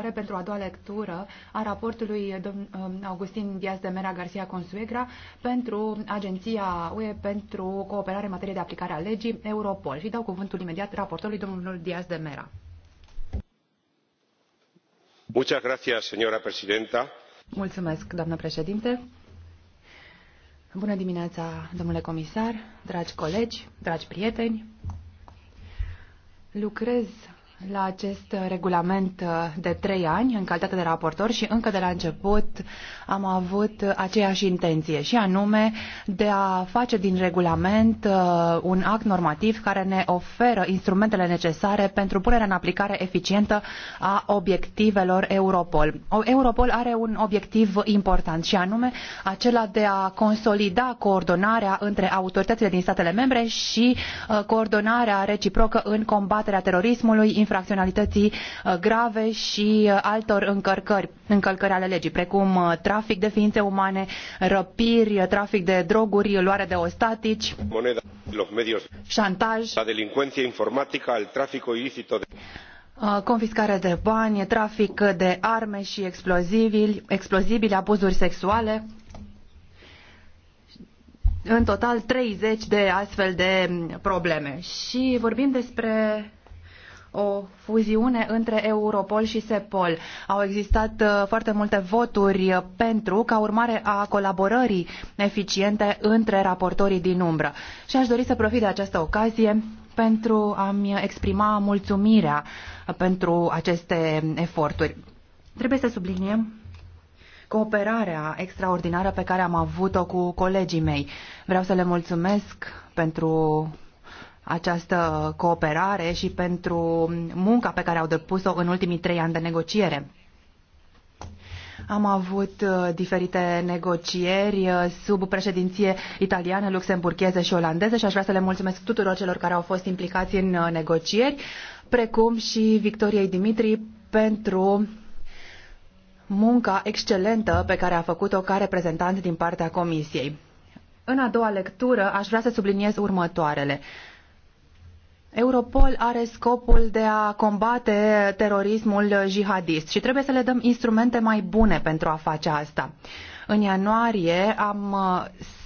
prezentare pentru a doua lectură a raportului um, Augustin Diaz de Mera Garcia Consuegra pentru Agenția UE pentru Cooperare în materie de aplicare a legii Europol. Și dau cuvântul imediat raportorului domnul Diaz de Mera. Muchas gracias, señora presidenta. Mulțumesc, doamnă președinte. Bună dimineața, domnule comisar, dragi colegi, dragi prieteni. Lucrez la acest regulament uh, de trei ani în calitate de raportor și încă de la început am avut aceeași intenție și anume de a face din regulament uh, un act normativ care ne oferă instrumentele necesare pentru punerea în aplicare eficientă a obiectivelor Europol. Europol are un obiectiv important și anume acela de a consolida coordonarea între autoritățile din statele membre și uh, coordonarea reciprocă în combaterea terorismului, infracționalității uh, grave și uh, altor încărcări, încălcări ale legii, precum uh, trafic de ființe umane, răpiri, trafic de droguri, luare de ostatici, Moneda, los medios, șantaj, la delincuenție informatică, al de confiscare de bani, trafic de arme și explozibili, explozibili abuzuri sexuale. În total 30 de astfel de probleme. Și vorbim despre o fuziune între Europol și Sepol. Au existat uh, foarte multe voturi uh, pentru, ca urmare a colaborării eficiente între raportorii din umbră. Și aș dori să profit de această ocazie pentru a-mi exprima mulțumirea uh, pentru aceste eforturi. Trebuie să subliniem cooperarea extraordinară pe care am avut-o cu colegii mei. Vreau să le mulțumesc pentru această cooperare și pentru munca pe care au depus-o în ultimii trei ani de negociere. Am avut uh, diferite negocieri uh, sub președinție italiană, luxemburgheză și olandeză și aș vrea să le mulțumesc tuturor celor care au fost implicați în uh, negocieri, precum și Victoriei Dimitri pentru munca excelentă pe care a făcut-o ca reprezentant din partea Comisiei. În a doua lectură aș vrea să subliniez următoarele. Europol are scopul de a combate terorismul jihadist și trebuie să le dăm instrumente mai bune pentru a face asta. În ianuarie am,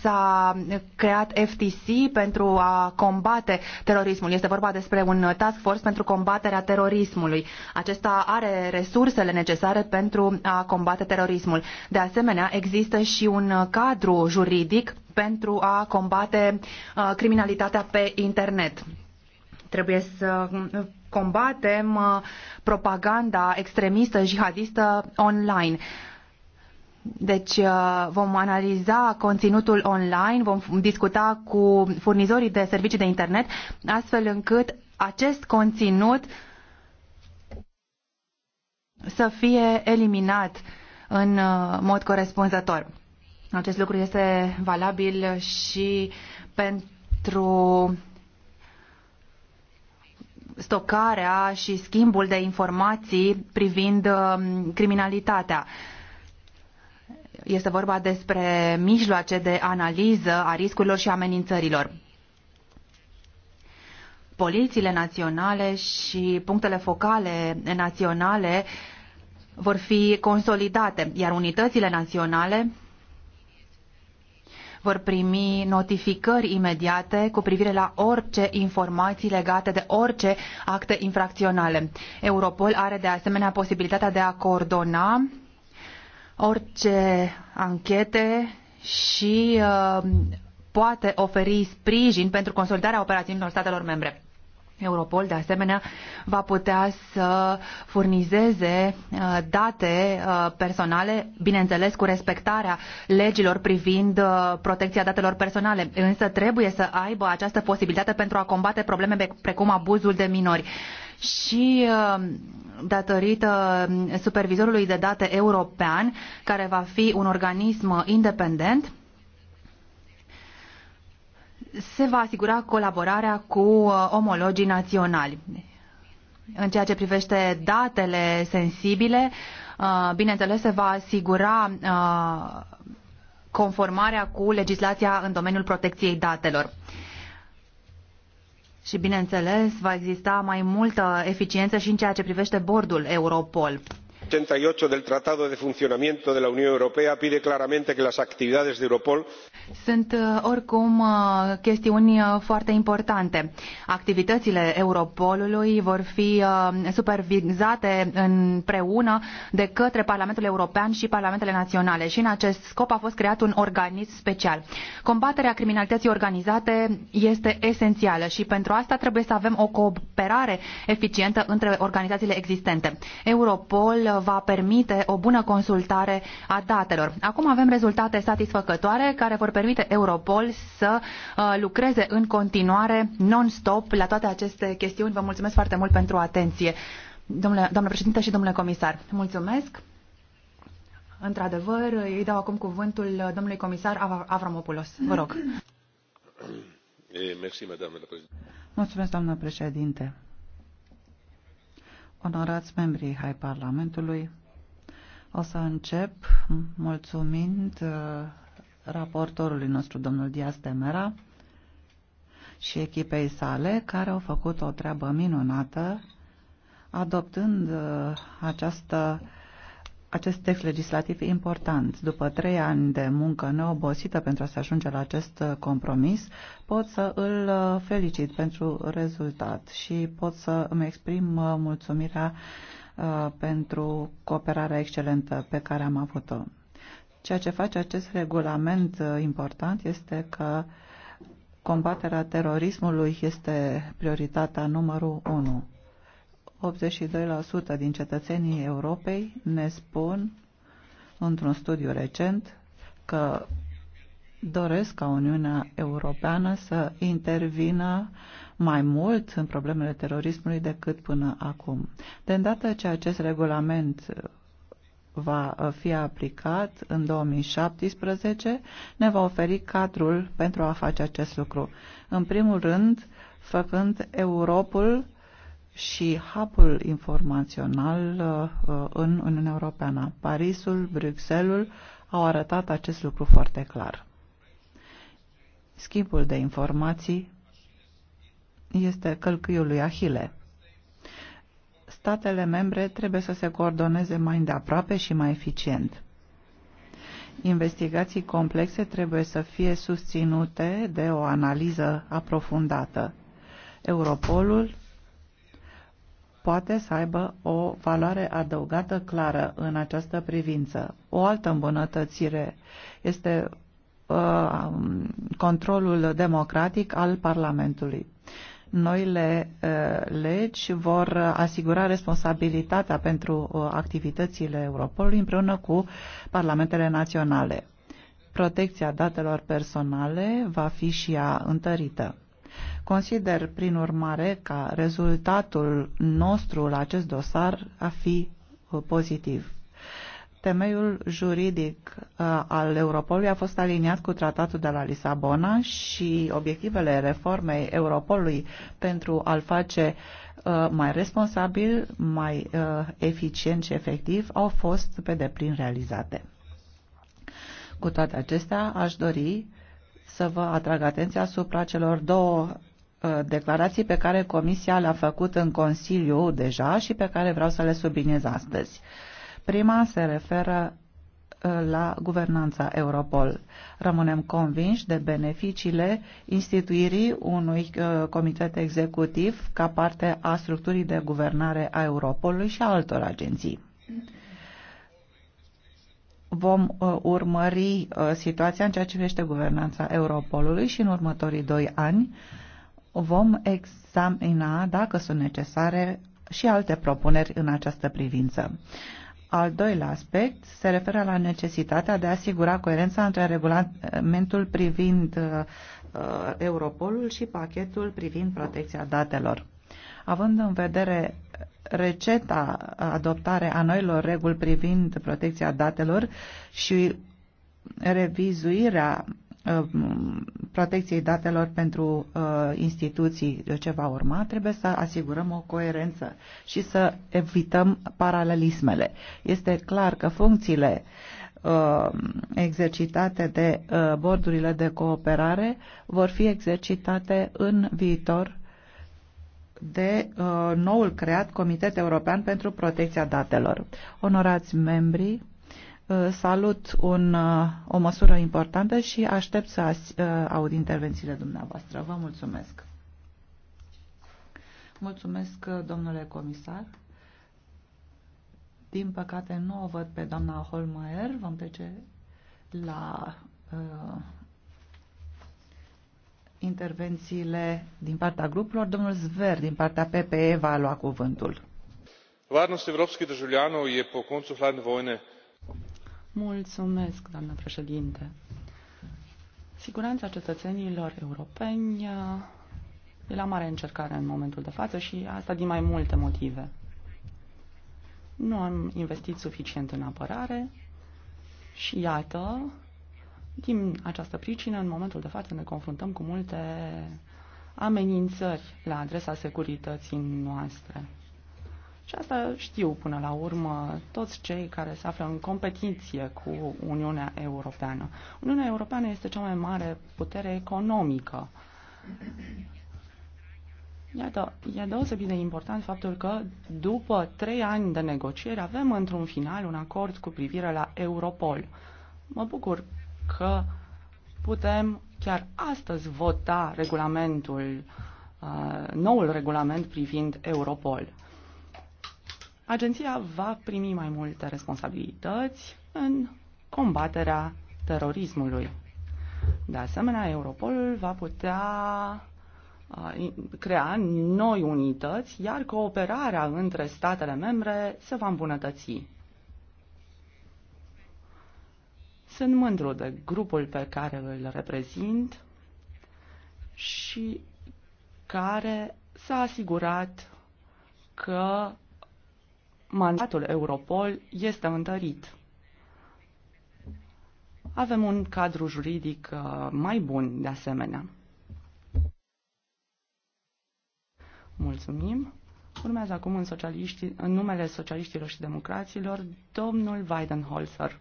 s-a creat FTC pentru a combate terorismul. Este vorba despre un task force pentru combaterea terorismului. Acesta are resursele necesare pentru a combate terorismul. De asemenea, există și un cadru juridic pentru a combate uh, criminalitatea pe internet Trebuie să combatem uh, propaganda extremistă, jihadistă online. Deci uh, vom analiza conținutul online, vom discuta cu furnizorii de servicii de internet, astfel încât acest conținut să fie eliminat în uh, mod corespunzător. Acest lucru este valabil și pentru stocarea și schimbul de informații privind um, criminalitatea. Este vorba despre mijloace de analiză a riscurilor și amenințărilor. Polițiile naționale și punctele focale naționale vor fi consolidate, iar unitățile naționale vor primi notificări imediate cu privire la orice informații legate de orice acte infracționale. Europol are de asemenea posibilitatea de a coordona orice anchete și uh, poate oferi sprijin pentru consolidarea operațiunilor statelor membre. Europol, de asemenea, va putea să furnizeze uh, date uh, personale, bineînțeles cu respectarea legilor privind uh, protecția datelor personale, însă trebuie să aibă această posibilitate pentru a combate probleme precum abuzul de minori. Și datorită um, supervizorului de date european, care va fi un organism independent, se va asigura colaborarea cu uh, omologii naționali. În ceea ce privește datele sensibile, uh, bineînțeles, se va asigura uh, conformarea cu legislația în domeniul protecției datelor. Și, bineînțeles, va exista mai multă eficiență și în ceea ce privește bordul Europol ochenta y ocho del tratado de funcionamiento de la unión europea pide claramente que las actividades de europol. sunt uh, oricum uh, chestiuni uh, foarte importante. activitățile europolului vor fi supervizate împreună de către parlamentul european și parlamentele naționale și în acest scop a fost creat un organism special. combaterea criminalității organizate este esențială și pentru asta trebuie să avem o cooperare eficientă între organizațiile existente. europol va permite o bună consultare a datelor. Acum avem rezultate satisfăcătoare care vor permite Europol să uh, lucreze în continuare non-stop la toate aceste chestiuni. Vă mulțumesc foarte mult pentru atenție. Domnule, doamnă președinte și domnule comisar, mulțumesc. Într-adevăr, îi dau acum cuvântul domnului comisar Av Avramopoulos. Vă rog. Eh, mulțumesc, doamnă președinte onorați membrii ai Parlamentului, o să încep mulțumind uh, raportorului nostru, domnul Dias Temera, și echipei sale, care au făcut o treabă minunată, adoptând uh, această acest text legislativ important. După trei ani de muncă neobosită pentru a se ajunge la acest compromis, pot să îl uh, felicit pentru rezultat și pot să îmi exprim uh, mulțumirea uh, pentru cooperarea excelentă pe care am avut-o. Ceea ce face acest regulament important este că combaterea terorismului este prioritatea numărul 1 82% din cetățenii Europei ne spun într-un studiu recent că doresc ca Uniunea Europeană să intervină mai mult în problemele terorismului decât până acum. De îndată ce acest regulament va fi aplicat în 2017, ne va oferi cadrul pentru a face acest lucru. În primul rând, făcând Europul și hub-ul informațional uh, în Uniunea Europeană. Parisul, Bruxelles au arătat acest lucru foarte clar. Schimbul de informații este călcâiul lui Ahile. Statele membre trebuie să se coordoneze mai îndeaproape și mai eficient. Investigații complexe trebuie să fie susținute de o analiză aprofundată. Europolul poate să aibă o valoare adăugată clară în această privință. O altă îmbunătățire este uh, controlul democratic al Parlamentului. Noile uh, legi vor asigura responsabilitatea pentru uh, activitățile Europolului împreună cu parlamentele naționale. Protecția datelor personale va fi și ea întărită Consider, prin urmare, ca rezultatul nostru la acest dosar a fi uh, pozitiv. Temeiul juridic uh, al Europolului a fost aliniat cu tratatul de la Lisabona și obiectivele reformei Europolului pentru a-l face uh, mai responsabil, mai eficient și efectiv au fost pe deplin realizate. Cu toate acestea, aș dori să vă atrag atenția asupra celor două Uh, declarații pe care Comisia le-a făcut în Consiliu deja și pe care vreau să le subliniez astăzi. Prima se referă uh, la guvernanța Europol. Rămânem convinși de beneficiile instituirii unui uh, comitet executiv ca parte a structurii de guvernare a Europolului și a altor agenții vom urmări situația în ceea ce privește guvernanța Europolului și în următorii doi ani vom examina, dacă sunt necesare, și alte propuneri în această privință. Al doilea aspect se referă la necesitatea de a asigura coerența între regulamentul privind uh, uh Europolul și pachetul privind protecția datelor. Având în vedere receta adoptare a noilor reguli privind protecția datelor și revizuirea Uh, protecției datelor pentru uh, instituții ce va urma, trebuie să asigurăm o coerență și să evităm paralelismele. Este clar că funcțiile uh, exercitate de bordurile de cooperare vor fi exercitate în viitor de noul creat Comitet European pentru Protecția Datelor. Onorați membrii, Uh, salut un, uh, o măsură importantă și aștept să uh, aud intervențiile dumneavoastră. Vă mulțumesc. Mulțumesc, domnule comisar. Din păcate nu o văd pe doamna Holmeier. Vom trece la uh, intervențiile din partea grupurilor. Domnul Zver, din partea PPE, va lua cuvântul. Varnost evropskih državljanov je po koncu hladne vojne Mulțumesc, doamnă președinte. Siguranța cetățenilor europeni uh, e la mare încercare în momentul de față și asta din mai multe motive. Nu am investit suficient în apărare și iată, din această pricină, în momentul de față ne confruntăm cu multe amenințări la adresa securității noastre. Și asta știu până la urmă toți cei care se află în competiție cu Uniunea Europeană. Uniunea Europeană este cea mai mare putere economică. Iată, e deosebit de important faptul că după trei ani de negocieri avem într-un final un acord cu privire la Europol. Mă bucur că putem chiar astăzi vota regulamentul, uh, noul regulament privind Europol agenția va primi mai multe responsabilități în combaterea terorismului. De asemenea, Europolul va putea crea noi unități, iar cooperarea între statele membre se va îmbunătăți. Sunt mândru de grupul pe care îl reprezint și care s-a asigurat că mandatul Europol este întărit. Avem un cadru juridic uh, mai bun de asemenea. Mulțumim. Urmează acum în, în numele socialiștilor și democraților domnul Weidenholzer.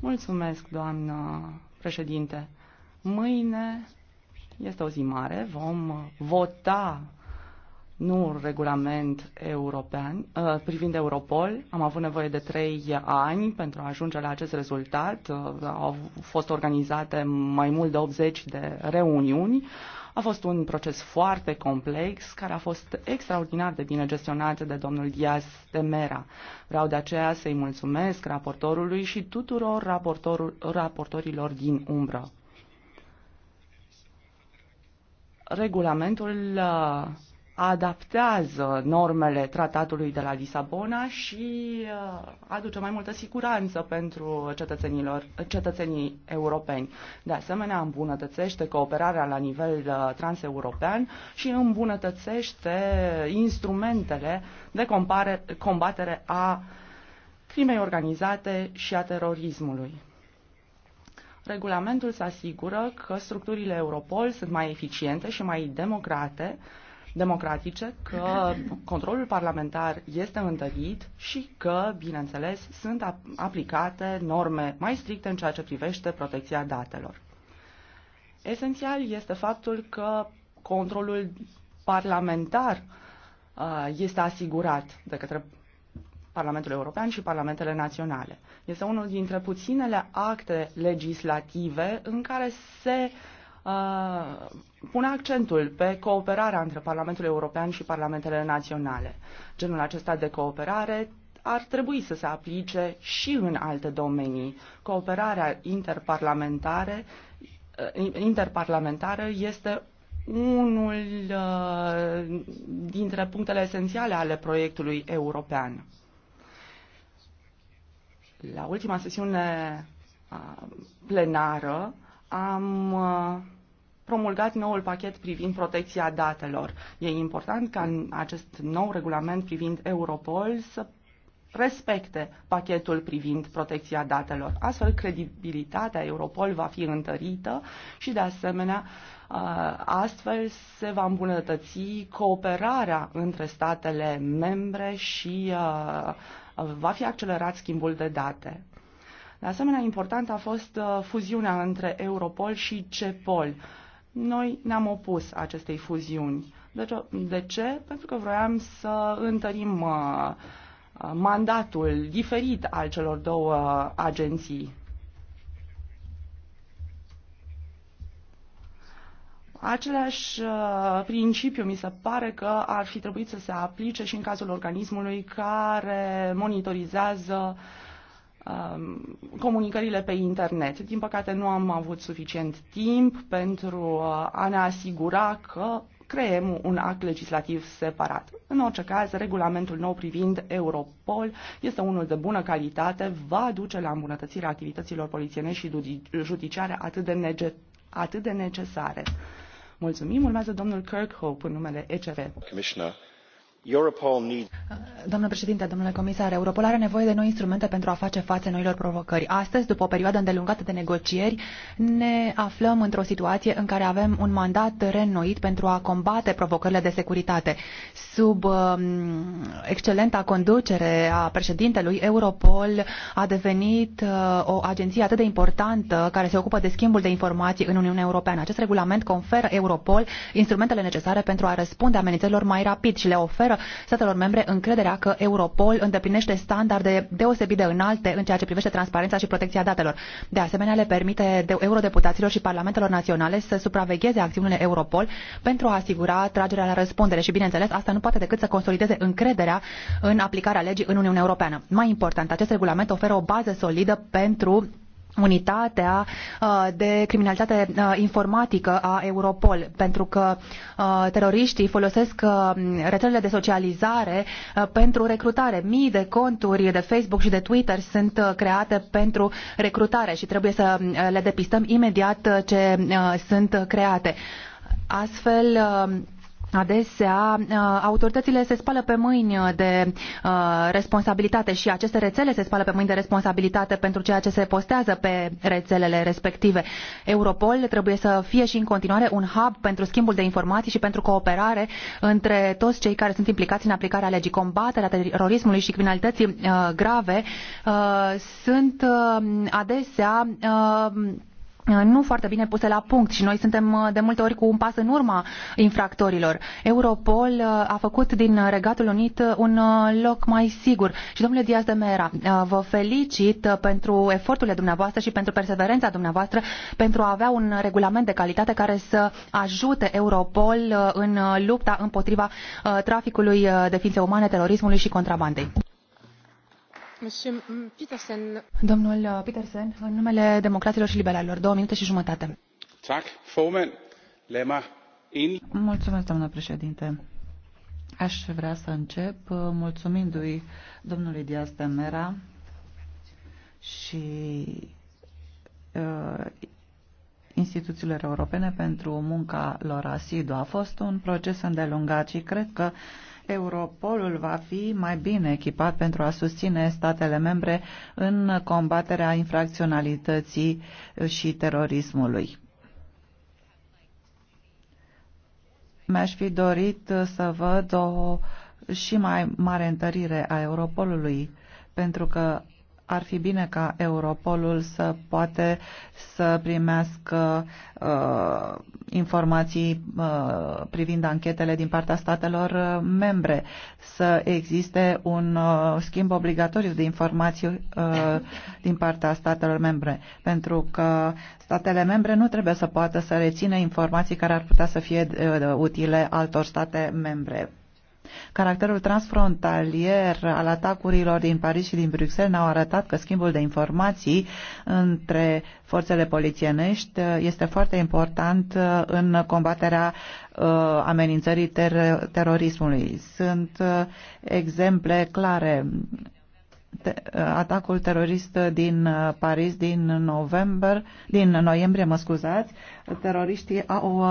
Mulțumesc, doamnă președinte. Mâine este o zi mare, vom vota nu un regulament european uh, privind Europol. Am avut nevoie de trei ani pentru a ajunge la acest rezultat. Uh, au fost organizate mai mult de 80 de reuniuni. A fost un proces foarte complex care a fost extraordinar de bine gestionat de domnul Diaz de Mera. Vreau de aceea să-i mulțumesc raportorului și tuturor raportorilor din umbră. Regulamentul uh, adaptează normele tratatului de la Lisabona și uh, aduce mai multă siguranță pentru cetățenilor, cetățenii europeni. De asemenea, îmbunătățește cooperarea la nivel uh, transeuropean și îmbunătățește instrumentele de compare, combatere a crimei organizate și a terorismului. Regulamentul se asigură că structurile Europol sunt mai eficiente și mai democrate, democratice, că controlul parlamentar este întărit și că, bineînțeles, sunt aplicate norme mai stricte în ceea ce privește protecția datelor. Esențial este faptul că controlul parlamentar uh, este asigurat de către Parlamentul European și Parlamentele Naționale. Este unul dintre puținele acte legislative în care se uh, Uh, pune accentul pe cooperarea între Parlamentul European și Parlamentele Naționale. Genul acesta de cooperare ar trebui să se aplice și în alte domenii. Cooperarea interparlamentare, uh, interparlamentară este unul uh, dintre punctele esențiale ale proiectului european. La ultima sesiune plenară, am uh, promulgat noul pachet privind protecția datelor. E important ca în acest nou regulament privind Europol să respecte pachetul privind protecția datelor. Astfel, credibilitatea Europol va fi întărită și, de asemenea, uh, astfel se va îmbunătăți cooperarea între statele membre și uh, va fi accelerat schimbul de date. De asemenea, important a fost uh, fuziunea între Europol și CEPOL. Noi ne-am opus acestei fuziuni. De ce? Pentru că vroiam să întărim uh, uh, mandatul diferit al celor două agenții. Același principiu mi se pare că ar fi trebuit să se aplice și în cazul organismului care monitorizează uh, Um, comunicările pe internet. Din păcate nu am avut suficient timp pentru uh, a ne asigura că creăm un act legislativ separat. În orice caz, regulamentul nou privind Europol este unul de bună calitate, va duce la îmbunătățirea activităților polițienești și judiciare atât de, nege- atât de necesare. Mulțumim, urmează domnul Kirkhope în numele ECR. Commissioner. Domnule Doamnă președinte, domnule comisar, Europol are nevoie de noi instrumente pentru a face față noilor provocări. Astăzi, după o perioadă îndelungată de negocieri, ne aflăm într-o situație în care avem un mandat reînnoit pentru a combate provocările de securitate. Sub uh, excelenta conducere a președintelui, Europol a devenit uh, o agenție atât de importantă care se ocupă de schimbul de informații în Uniunea Europeană. Acest regulament conferă Europol instrumentele necesare pentru a răspunde amenințărilor mai rapid și le oferă statelor membre încrederea că Europol îndeplinește standarde deosebit de înalte în ceea ce privește transparența și protecția datelor. De asemenea, le permite de eurodeputaților și parlamentelor naționale să supravegheze acțiunile Europol pentru a asigura tragerea la răspundere și, bineînțeles, asta nu poate decât să consolideze încrederea în aplicarea legii în Uniunea Europeană. Mai important, acest regulament oferă o bază solidă pentru unitatea uh, de criminalitate uh, informatică a Europol, pentru că uh, teroriștii folosesc rețelele de socializare pentru recrutare. Mii de conturi de Facebook și de Twitter sunt create pentru recrutare și trebuie să le depistăm imediat ce sunt create. Astfel, Adesea, uh, autoritățile se spală pe mâini de uh, responsabilitate și aceste rețele se spală pe mâini de responsabilitate pentru ceea ce se postează pe rețelele respective. Europol trebuie să fie și în continuare un hub pentru schimbul de informații și pentru cooperare între toți cei care sunt implicați în aplicarea legii. Combaterea terorismului și criminalității uh, grave sunt adesea Uh, nu foarte bine puse la punct și noi suntem uh, de multe ori cu un pas în urma infractorilor. Europol uh, a făcut din Regatul Unit un loc mai sigur. Și domnule Diaz de Mera, vă felicit pentru eforturile dumneavoastră și pentru perseverența dumneavoastră pentru a avea un regulament de calitate care să ajute Europol în lupta împotriva traficului de ființe umane, terorismului și contrabandei. Domnule uh, Petersen, în numele democraților și liberalilor, două minute și jumătate. Mulțumesc, doamnă președinte. Aș vrea să încep uh, mulțumindu-i domnului Diaz de Mera și uh, instituțiilor europene pentru munca lor asiduă. A fost un proces îndelungat și cred că Europolul va fi mai bine echipat pentru a susține statele membre în combaterea infracționalității și terorismului. Mi-aș fi dorit să văd o și mai mare întărire a Europolului, pentru că ar fi bine ca Europolul să poate să primească uh, informații uh, privind anchetele din partea statelor uh, membre, să existe un uh, schimb obligatoriu de informații uh, din partea statelor membre, pentru că statele membre nu trebuie să poată să rețină informații care ar putea să fie uh, utile altor state membre Caracterul transfrontalier al atacurilor din Paris și din Bruxelles ne-au arătat că schimbul de informații între forțele polițienești uh, este foarte important uh, în combaterea uh, amenințării ter terorismului. Sunt exemple clare atacul terorist din Paris din november, din noiembrie, mă scuzați, teroriștii au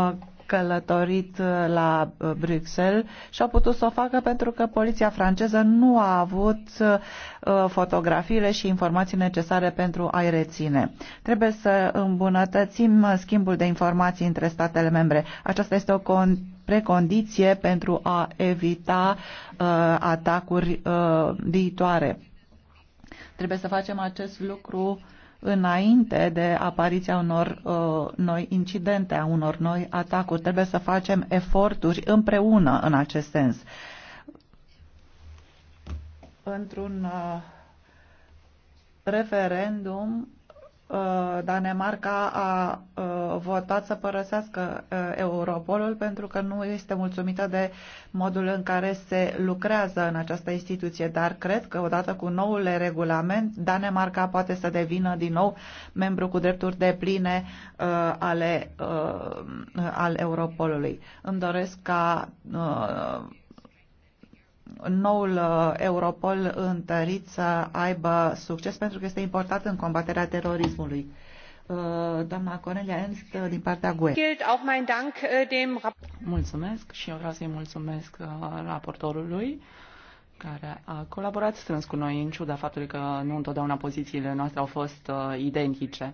călătorit uh, la uh, Bruxelles și au putut să o facă pentru că poliția franceză nu a avut uh, fotografiile și informații necesare pentru a-i reține. Trebuie să îmbunătățim schimbul de informații între statele membre. Aceasta este o precondiție pentru a evita uh, atacuri uh, viitoare. Trebuie să facem acest lucru uh, înainte de apariția unor uh, noi incidente, a unor noi atacuri. Trebuie să facem eforturi împreună în acest sens. Într-un uh, referendum Uh, Danemarca a uh, votat să părăsească uh, Europolul pentru că nu este mulțumită de modul în care se lucrează în această instituție, dar cred că odată cu noul regulament, Danemarca poate să devină din nou membru cu drepturi de pline ale, al Europolului. Îmi doresc ca noul uh, Europol întărit să aibă succes pentru că este important în combaterea terorismului. Uh, doamna Cornelia Ernst uh, din partea GUE. Mulțumesc și eu vreau să-i mulțumesc raportorului care a colaborat strâns cu noi în ciuda faptului că nu întotdeauna pozițiile noastre au fost identice.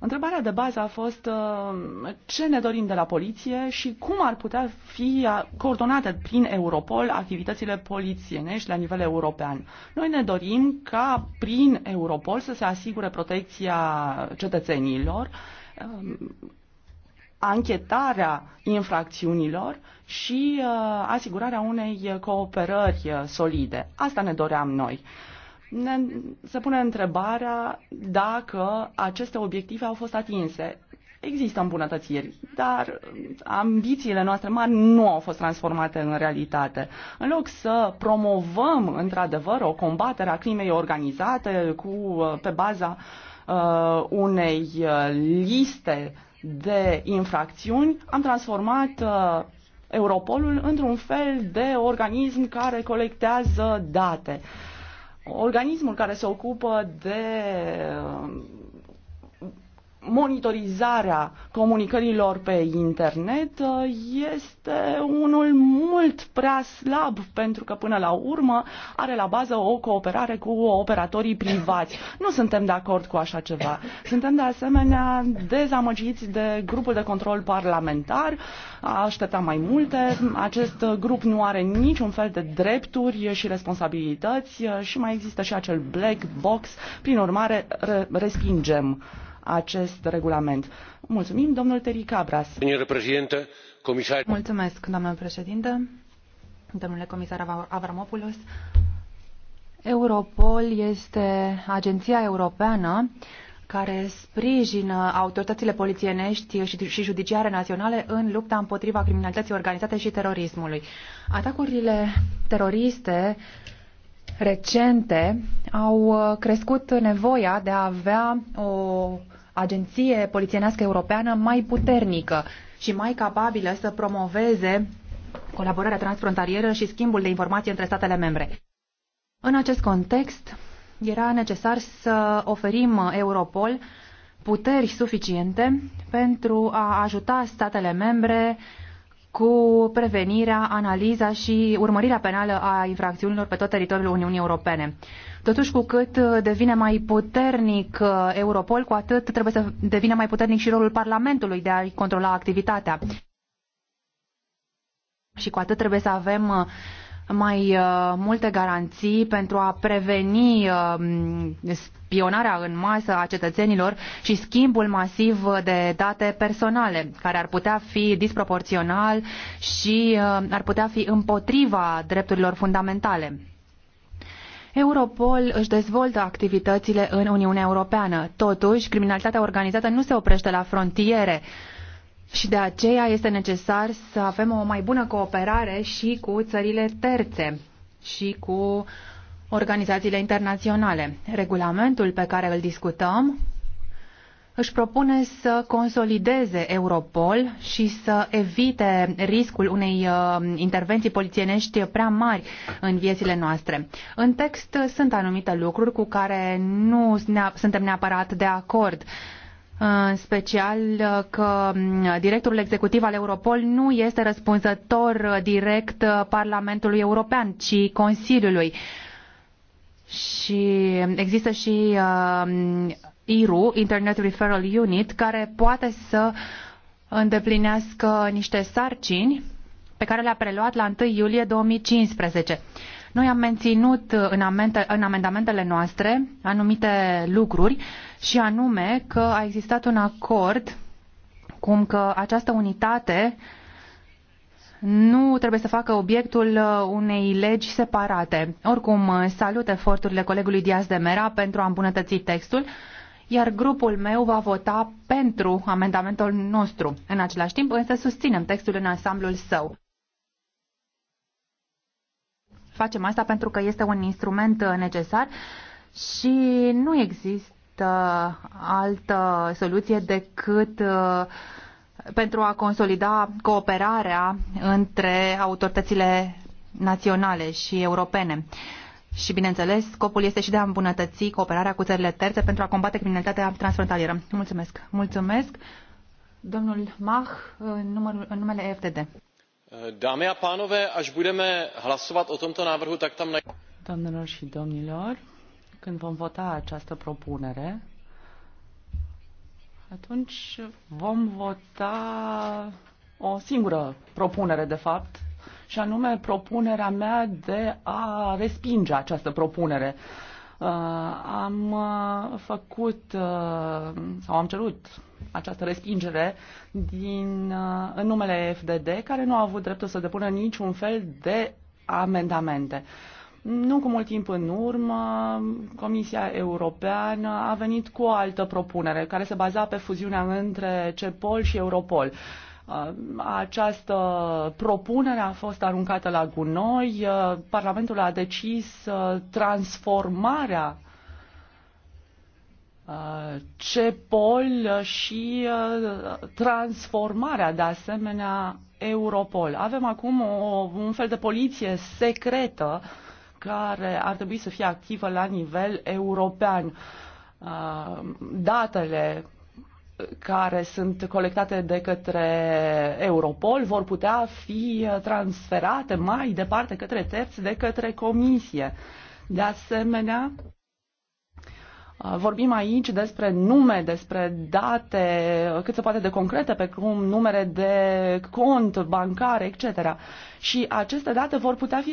Întrebarea de bază a fost uh, ce ne dorim de la poliție și cum ar putea fi uh, coordonate prin Europol activitățile polițienești la nivel european. Noi ne dorim ca prin Europol să se asigure protecția cetățenilor, um, anchetarea infracțiunilor și uh, asigurarea unei cooperări solide. Asta ne doream noi ne, se pune întrebarea dacă aceste obiective au fost atinse. Există îmbunătățiri, dar ambițiile noastre mari nu au fost transformate în realitate. În loc să promovăm, într-adevăr, o combatere a crimei organizate cu, pe baza uh, unei uh, liste de infracțiuni, am transformat uh, Europolul într-un fel de organism care colectează date. Uh, organismul care se ocupă de monitorizarea comunicărilor pe internet uh, este unul mult prea slab pentru că până la urmă are la bază o cooperare cu operatorii privați. Nu suntem de acord cu așa ceva. Suntem de asemenea dezamăgiți de grupul de control parlamentar. Așteptam mai multe. Acest grup nu are niciun fel de drepturi și responsabilități și mai există și acel black box. Prin urmare, respingem acest regulament. Mulțumim, domnul Teri Cabras. Mulțumesc, doamnă președinte, domnule comisar Avramopoulos. Europol este agenția europeană care sprijină autoritățile polițienești și judiciare naționale în lupta împotriva criminalității organizate și terorismului. Atacurile teroriste recente au uh, crescut nevoia de a avea o agenție polițienească europeană mai puternică și mai capabilă să promoveze colaborarea transfrontalieră și schimbul de informații între statele membre. În acest context, era necesar să oferim Europol puteri suficiente pentru a ajuta statele membre cu prevenirea, analiza și urmărirea penală a infracțiunilor pe tot teritoriul Uniunii Europene. Totuși, cu cât uh, devine mai puternic uh, Europol, cu atât trebuie să devină mai puternic și rolul Parlamentului de a-i controla activitatea. Și cu atât trebuie să avem uh, mai uh, multe garanții pentru a preveni um, spionarea în masă a cetățenilor și schimbul masiv de date personale, care ar putea fi disproporțional și uh, ar putea fi împotriva drepturilor fundamentale. Europol își dezvoltă activitățile în Uniunea Europeană. Totuși, criminalitatea organizată nu se oprește la frontiere și de aceea este necesar să avem o mai bună cooperare și cu țările terțe și cu organizațiile internaționale. Regulamentul pe care îl discutăm își propune să consolideze Europol și să evite riscul unei uh, intervenții polițienești prea mari în viețile noastre. În text sunt anumite lucruri cu care nu suntem neapărat de acord în special că mm, directorul executiv al Europol nu este răspunzător direct Parlamentului European, ci Consiliului. Și există și mm, IRU, Internet Referral Unit, care poate să îndeplinească niște sarcini pe care le-a preluat la 1 iulie 2015. Noi am menținut în, în amendamentele noastre anumite lucruri și anume că a existat un acord cum că această unitate nu trebuie să facă obiectul unei legi separate. Oricum, salut eforturile colegului Diaz de Mera pentru a îmbunătăți textul, iar grupul meu va vota pentru amendamentul nostru. În același timp, însă susținem textul în ansamblul său facem asta pentru că este un instrument uh, necesar și nu există altă soluție decât uh, pentru a consolida cooperarea între autoritățile naționale și europene. Și, bineînțeles, scopul este și de a îmbunătăți cooperarea cu țările terțe pentru a combate criminalitatea transfrontalieră. Mulțumesc! Mulțumesc! Domnul Mach, în, numărul, în numele FTD. Dámy a pánové, až budeme hlasovat o tomto návrhu, tak tam... Doamnelor și domnilor, când vom vota această propunere, atunci vom vota o singură propunere, de fapt, și anume propunerea mea de a respinge această propunere. Uh, am uh, făcut uh, sau am cerut această respingere din, în numele FDD, care nu a avut dreptul să depună niciun fel de amendamente. Nu cu mult timp în urmă, Comisia Europeană a venit cu o altă propunere care se baza pe fuziunea între CEPOL și Europol. Uh, această propunere a fost aruncată la gunoi. Parlamentul a decis transformarea CEPOL și transformarea de asemenea Europol. Avem acum o, un fel de poliție secretă care ar trebui să fie activă la nivel european. Datele care sunt colectate de către Europol vor putea fi transferate mai departe către terți de către Comisie. De asemenea, Vorbim aici despre nume, despre date cât se poate de concrete, pe cum numere de cont bancare, etc. Și aceste date vor putea fi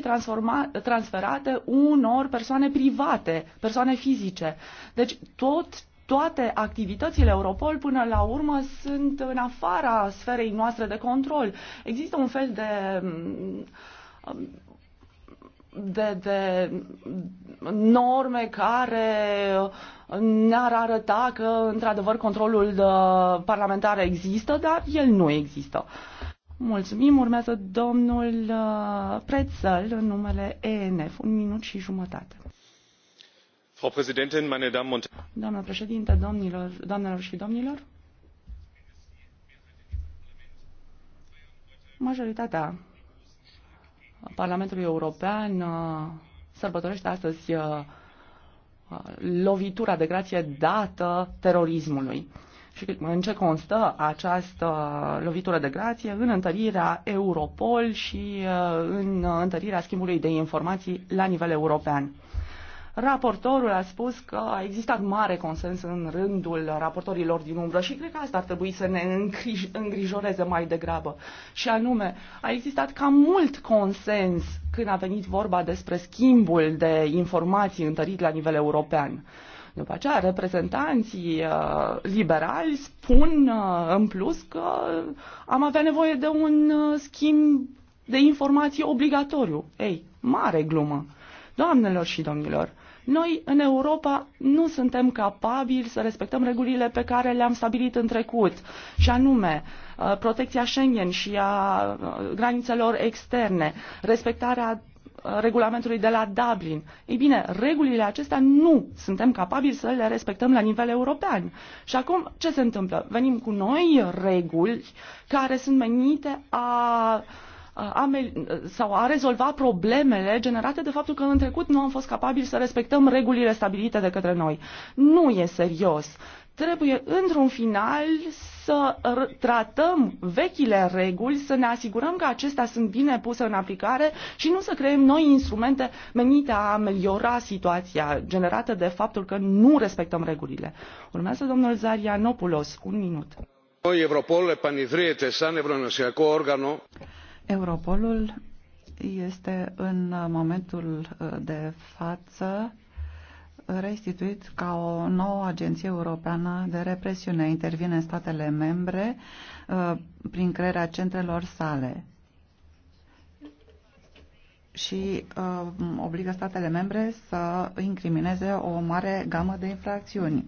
transferate unor persoane private, persoane fizice. Deci tot toate activitățile Europol până la urmă sunt în afara sferei noastre de control. Există un fel de de, de norme care ne-ar arăta că, într-adevăr, controlul de uh, parlamentar există, dar el nu există. Mulțumim. Urmează domnul uh, Prețăl în numele ENF. Un minut și jumătate frau präsidentin domnilor, damen und domnilor majoritatea parlamentului european uh, sărbătorește astăzi uh, lovitura de grație dată terorismului. Și în ce constă această lovitură de grație? În întărirea Europol și uh, în întărirea schimbului de informații la nivel european. Raportorul a spus că a existat mare consens în rândul raportorilor din umbră și cred că asta ar trebui să ne îngrijoreze mai degrabă. Și anume, a existat cam mult consens când a venit vorba despre schimbul de informații întărit la nivel european. După aceea, reprezentanții uh, liberali spun uh, în plus că am avea nevoie de un uh, schimb de informații obligatoriu. Ei, mare glumă. Doamnelor și domnilor, noi, în Europa, nu suntem capabili să respectăm regulile pe care le-am stabilit în trecut, și anume uh, protecția Schengen și a uh, granițelor externe, respectarea uh, regulamentului de la Dublin. Ei bine, regulile acestea nu suntem capabili să le respectăm la nivel european. Și acum ce se întâmplă? Venim cu noi reguli care sunt menite a uh, sau a rezolva problemele generate de faptul că în trecut nu am fost capabili să respectăm regulile stabilite de către noi. Nu e serios. Trebuie, într-un final, să tratăm vechile reguli, să ne asigurăm că acestea sunt bine puse în aplicare și nu să creăm noi instrumente menite a ameliora situația generată de faptul că nu respectăm regulile. Urmează domnul Zarianopoulos. Un minut. Europol Europolul este în momentul uh, de față restituit ca o nouă agenție europeană de represiune. Intervine în statele membre uh, prin crearea centrelor sale și uh, obligă statele membre să incrimineze o mare gamă de infracțiuni.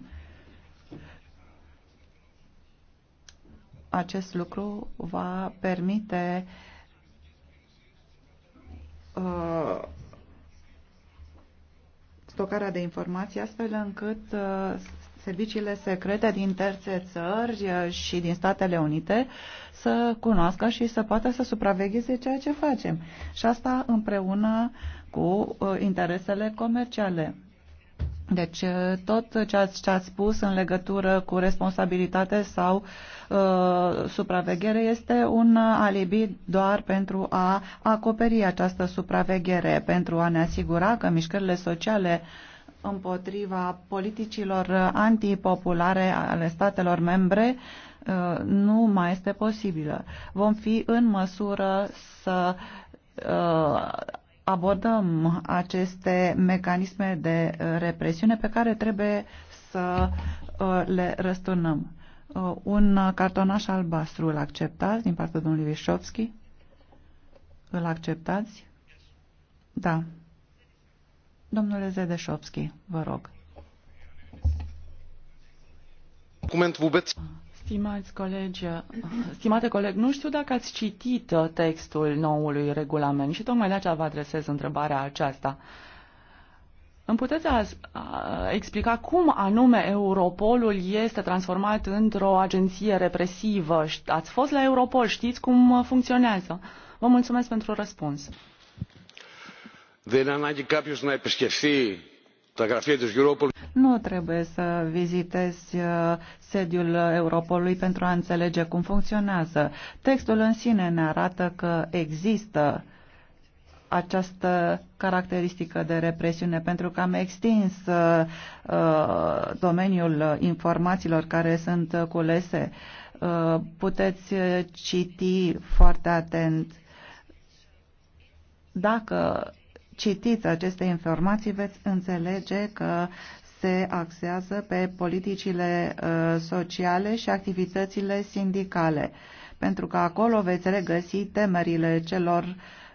Acest lucru va permite uh, uh, stocarea de informații astfel încât uh, serviciile secrete din terțe țări uh, și din Statele Unite să cunoască și să poată să supravegheze ceea ce facem. Și asta împreună cu uh, interesele comerciale. Deci uh, tot ce ați, ce ați spus în legătură cu responsabilitate sau uh, supraveghere este un alibi doar pentru a acoperi această supraveghere, pentru a ne asigura că mișcările sociale împotriva politicilor antipopulare ale statelor membre uh, nu mai este posibilă. Vom fi în măsură să uh, abordăm aceste mecanisme de uh, represiune pe care trebuie să uh, le răsturnăm. Uh, un cartonaș albastru îl acceptați din partea domnului Vișovski? Îl acceptați? Da. Domnule Zedeșovski, vă rog. Document vůbec Stimați colegi, stimate coleg, nu știu dacă ați citit uh, textul noului regulament și tocmai de aceea vă adresez întrebarea aceasta. Îmi puteți azi, a, explica cum anume Europolul este transformat într-o agenție represivă? Ați fost la Europol, știți cum uh, funcționează? Vă mulțumesc pentru răspuns. Δεν ανάγκη κάποιος να επισκεφθεί deci nu trebuie să vizitezi uh, sediul Europolului pentru a înțelege cum funcționează. Textul în sine ne arată că există această caracteristică de represiune, pentru că am extins uh, uh domeniul informațiilor care sunt culese. Uh, puteți uh, citi foarte atent. Dacă citiți aceste informații, veți înțelege că se axează pe politicile uh, sociale și activitățile sindicale, pentru că acolo veți regăsi temerile celor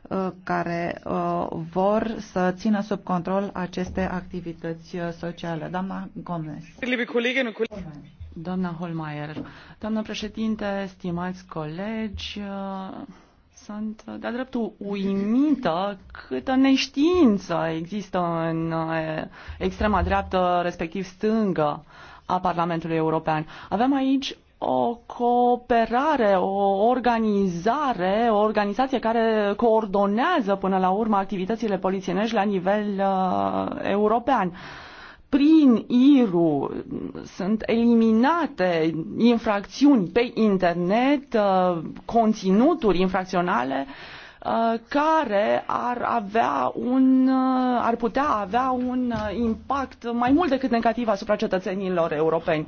uh, care uh, vor să țină sub control aceste activități sociale. Doamna Gomes. Doamna Holmeier, doamnă președinte, stimați colegi, sunt uh, de-a dreptul uimită câtă neștiință există în uh, extrema dreaptă, respectiv stângă, a Parlamentului European. Avem aici o cooperare, o organizare, o organizație care coordonează până la urmă activitățile polițienești la nivel uh, european. Uh, prin IRU sunt eliminate infracțiuni pe internet, uh, conținuturi infracționale uh, care ar avea un uh, ar putea avea un impact mai mult decât negativ asupra cetățenilor europeni.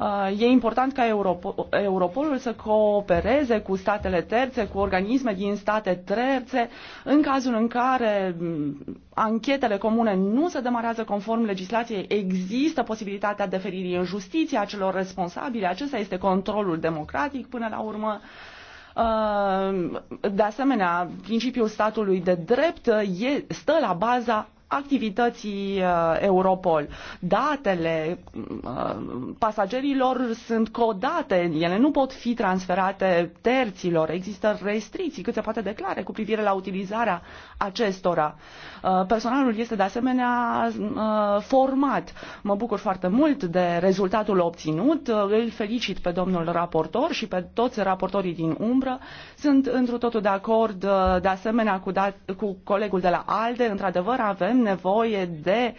Uh, e important ca Europol, Europolul să coopereze cu statele terțe, cu organisme din state terțe, în cazul în care mm, anchetele comune nu se demarează conform legislației, există posibilitatea deferirii în justiție a celor responsabili. Acesta este controlul democratic până la urmă. Uh, de asemenea, principiul statului de drept uh, stă la baza activității uh, Europol. Datele uh, pasagerilor sunt codate, ele nu pot fi transferate terților, există restricții cât se poate declare cu privire la utilizarea acestora. Uh, personalul este de asemenea format. Mă bucur foarte mult de rezultatul obținut, îl felicit pe domnul raportor și pe toți raportorii din umbră. Sunt într totul de acord de asemenea cu, dat, cu colegul de la ALDE, într-adevăr avem nevoie de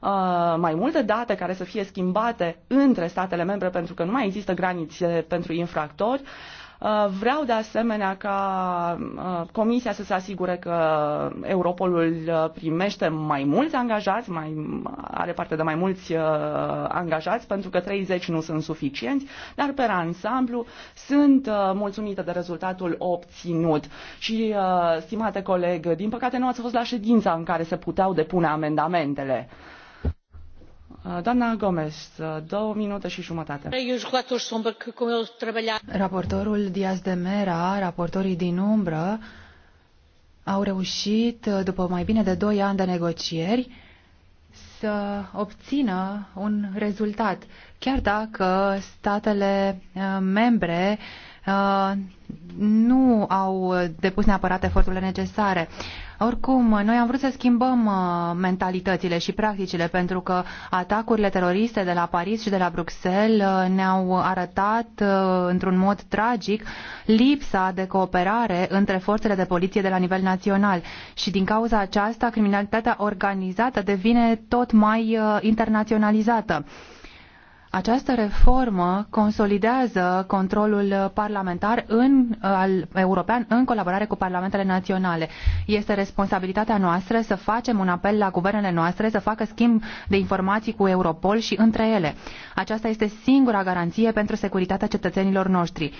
uh, mai multe date care să fie schimbate între statele membre pentru că nu mai există granițe pentru infractori. Uh, Uh, vreau de asemenea ca uh, Comisia să se asigure că Europolul uh, primește mai mulți angajați, mai, are parte de mai mulți angajați, pentru că 30 nu sunt suficienți, dar pe ansamblu sunt mulțumită de rezultatul obținut. Și, stimate coleg, din păcate nu ați fost la ședința în care se puteau depune amendamentele. Uh, doamna Gomez, uh, două minute și jumătate. Raportorul Diaz de Mera, raportorii din umbră, au reușit, uh, după mai bine de doi ani de negocieri, să obțină un rezultat, chiar dacă statele membre uh, Uh, nu au depus neapărat eforturile necesare. Oricum, noi am vrut să schimbăm uh, mentalitățile și practicile pentru că atacurile teroriste de la Paris și de la Bruxelles uh, ne-au arătat într-un mod tragic lipsa de cooperare între forțele de poliție de la nivel național și din cauza aceasta criminalitatea organizată devine tot mai internaționalizată. Această reformă consolidează controlul parlamentar în, al european în colaborare cu parlamentele naționale. Este responsabilitatea noastră să facem un apel la guvernele noastre să facă schimb de informații cu Europol și între ele. Aceasta este singura garanție pentru securitatea cetățenilor noștri.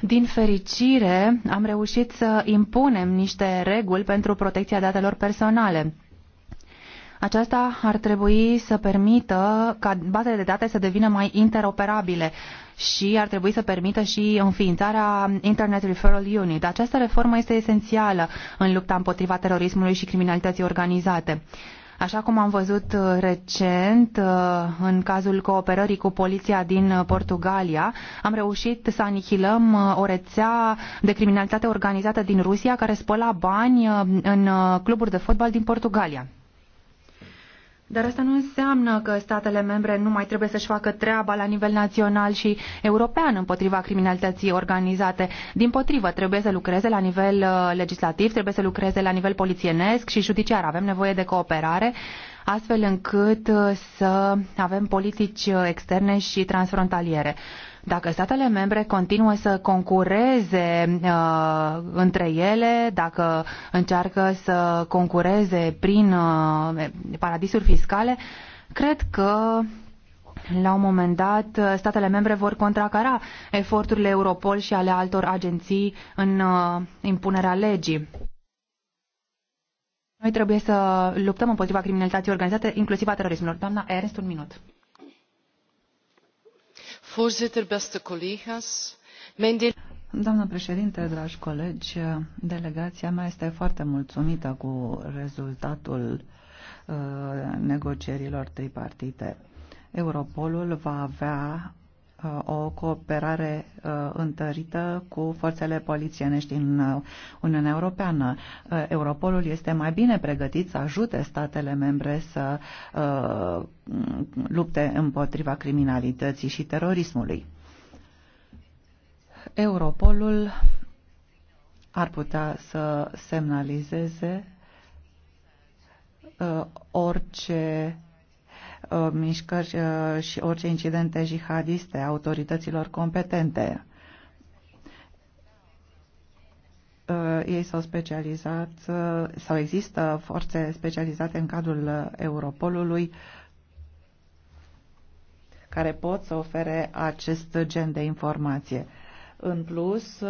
Din fericire, am reușit să impunem niște reguli pentru protecția datelor personale aceasta ar trebui să permită ca bazele de date să devină mai interoperabile și ar trebui să permită și înființarea Internet Referral Unit. Această reformă este esențială în lupta împotriva terorismului și criminalității organizate. Așa cum am văzut uh, recent uh, în cazul cooperării cu poliția din uh, Portugalia, am reușit să anihilăm o rețea de criminalitate organizată din Rusia care spăla bani în cluburi de fotbal din Portugalia. Dar asta nu înseamnă că statele membre nu mai trebuie să-și facă treaba la nivel național și european împotriva criminalității organizate. Din potrivă, trebuie să lucreze la nivel uh, legislativ, trebuie să lucreze la nivel polițienesc și judiciar. Avem nevoie de cooperare astfel încât uh, să avem politici uh, externe și transfrontaliere. Dacă statele membre continuă să concureze uh, între ele, dacă încearcă să concureze prin uh, paradisuri fiscale, cred că la un moment dat, statele membre vor contracara eforturile Europol și ale altor agenții în uh, impunerea legii. Noi trebuie să luptăm împotriva criminalității organizate, inclusiv a terorismului. Doamna Ernst, un minut. Doamnă președinte, dragi colegi, delegația mea este foarte mulțumită cu rezultatul uh, negocierilor tripartite. Europolul va avea Uh, o cooperare uh, întărită cu forțele polițienești în uh, Uniunea Europeană. Europolul este mai bine pregătit să ajute statele membre să lupte împotriva criminalității și terorismului. Europolul ar putea să semnalizeze orice Uh, mișcări uh, și orice incidente jihadiste autorităților competente. Uh, ei s-au specializat sau există forțe specializate în cadrul Europolului care pot să ofere acest gen de informație. În plus,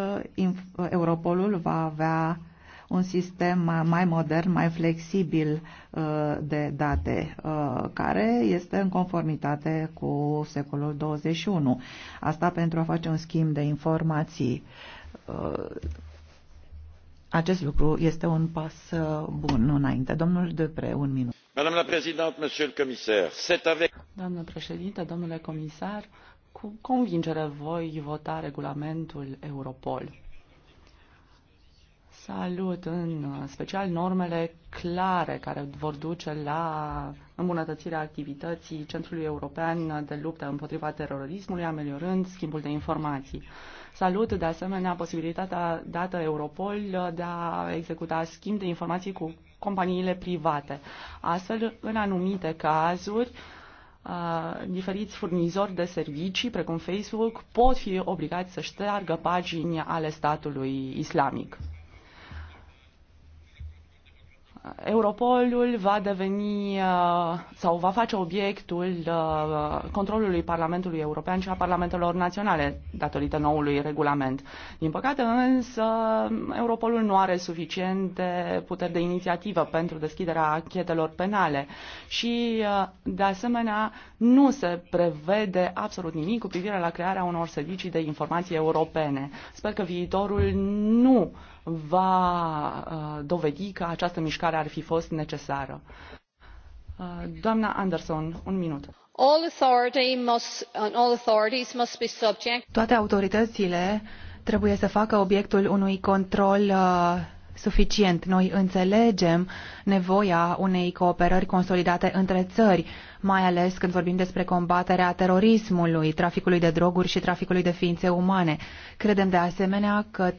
Europolul va avea un sistem mai modern, mai flexibil uh, de date, uh, care este în conformitate cu secolul 21. Asta pentru a face un schimb de informații. Uh, acest lucru este un pas bun înainte. Domnul Depre, un minut. Doamnă președinte, domnule comisar, cu convingere voi vota regulamentul Europol Salut, în special normele clare care vor duce la îmbunătățirea activității Centrului European de luptă împotriva terorismului, ameliorând schimbul de informații. Salut, de asemenea, posibilitatea dată Europol de a executa schimb de informații cu companiile private. Astfel, în anumite cazuri, diferiți furnizori de servicii, precum Facebook, pot fi obligați să șteargă pagini ale statului islamic. Europolul va deveni uh, sau va face obiectul uh, controlului Parlamentului European și a Parlamentelor Naționale datorită noului regulament. Din păcate însă, Europolul nu are suficiente puteri de inițiativă pentru deschiderea achetelor penale și, uh, de asemenea, nu se prevede absolut nimic cu privire la crearea unor servicii de informații europene. Sper că viitorul nu va uh, dovedi că această mișcare ar fi fost necesară. Uh, doamna Anderson, un minut. All authority must, all authorities must be subject. Toate autoritățile trebuie să facă obiectul unui control uh, suficient. Noi înțelegem nevoia unei cooperări consolidate între țări, mai ales când vorbim despre combaterea terorismului, traficului de droguri și traficului de ființe umane. Credem de asemenea că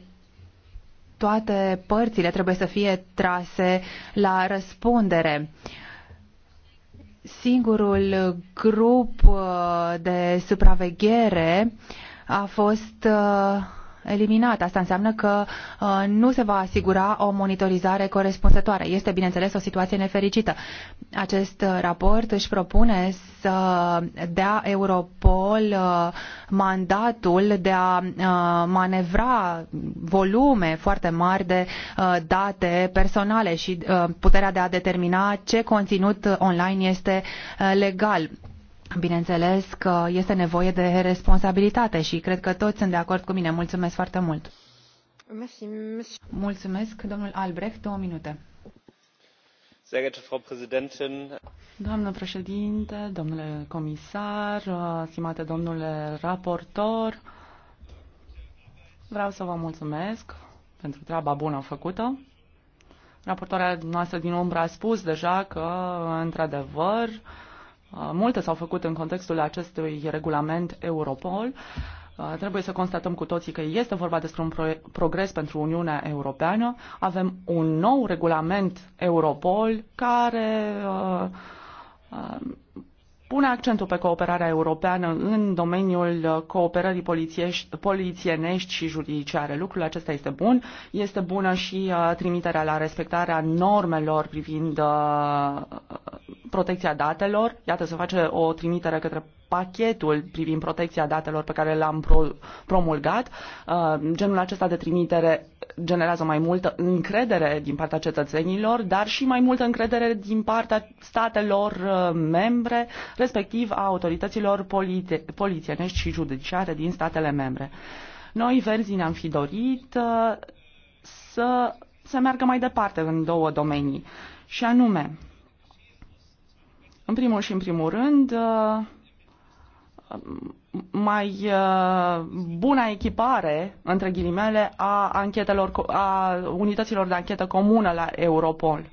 toate părțile trebuie să fie trase la răspundere. Singurul grup uh, de supraveghere a fost uh, eliminat. Asta înseamnă că uh, nu se va asigura o monitorizare corespunzătoare. Este, bineînțeles, o situație nefericită. Acest uh, raport își propune să dea Europol uh, mandatul de a manevra volume foarte mari de date personale și puterea de a determina ce conținut online este legal Bineînțeles că este nevoie de responsabilitate și cred că toți sunt de acord cu mine. Mulțumesc foarte mult. Mulțumesc, domnul Albrecht, două minute. Doamnă președinte, domnule comisar, stimate domnule raportor, vreau să vă mulțumesc pentru treaba bună făcută. Raportoarea noastră din umbră a spus deja că, într-adevăr, Uh, multe s-au făcut în contextul acestui regulament Europol. Uh, trebuie să constatăm cu toții că este vorba despre un progres pentru Uniunea Europeană. Avem un nou regulament Europol care uh, pune accentul pe cooperarea europeană în domeniul cooperării polițienești și judiciare. Lucrul acesta este bun. Este bună și uh, trimiterea la respectarea normelor privind uh, protecția datelor. Iată, se face o trimitere către pachetul privind protecția datelor pe care l-am pro, promulgat. Uh, genul acesta de trimitere generează mai multă încredere din partea cetățenilor, dar și mai multă încredere din partea statelor uh, membre, respectiv a autorităților polițienești și judiciare din statele membre. Noi, verzi ne-am fi dorit uh, să se meargă mai departe în două domenii, și anume, în primul și în primul rând, mai uh, bună echipare, între ghilimele, a, anchetelor, a unităților de anchetă comună la Europol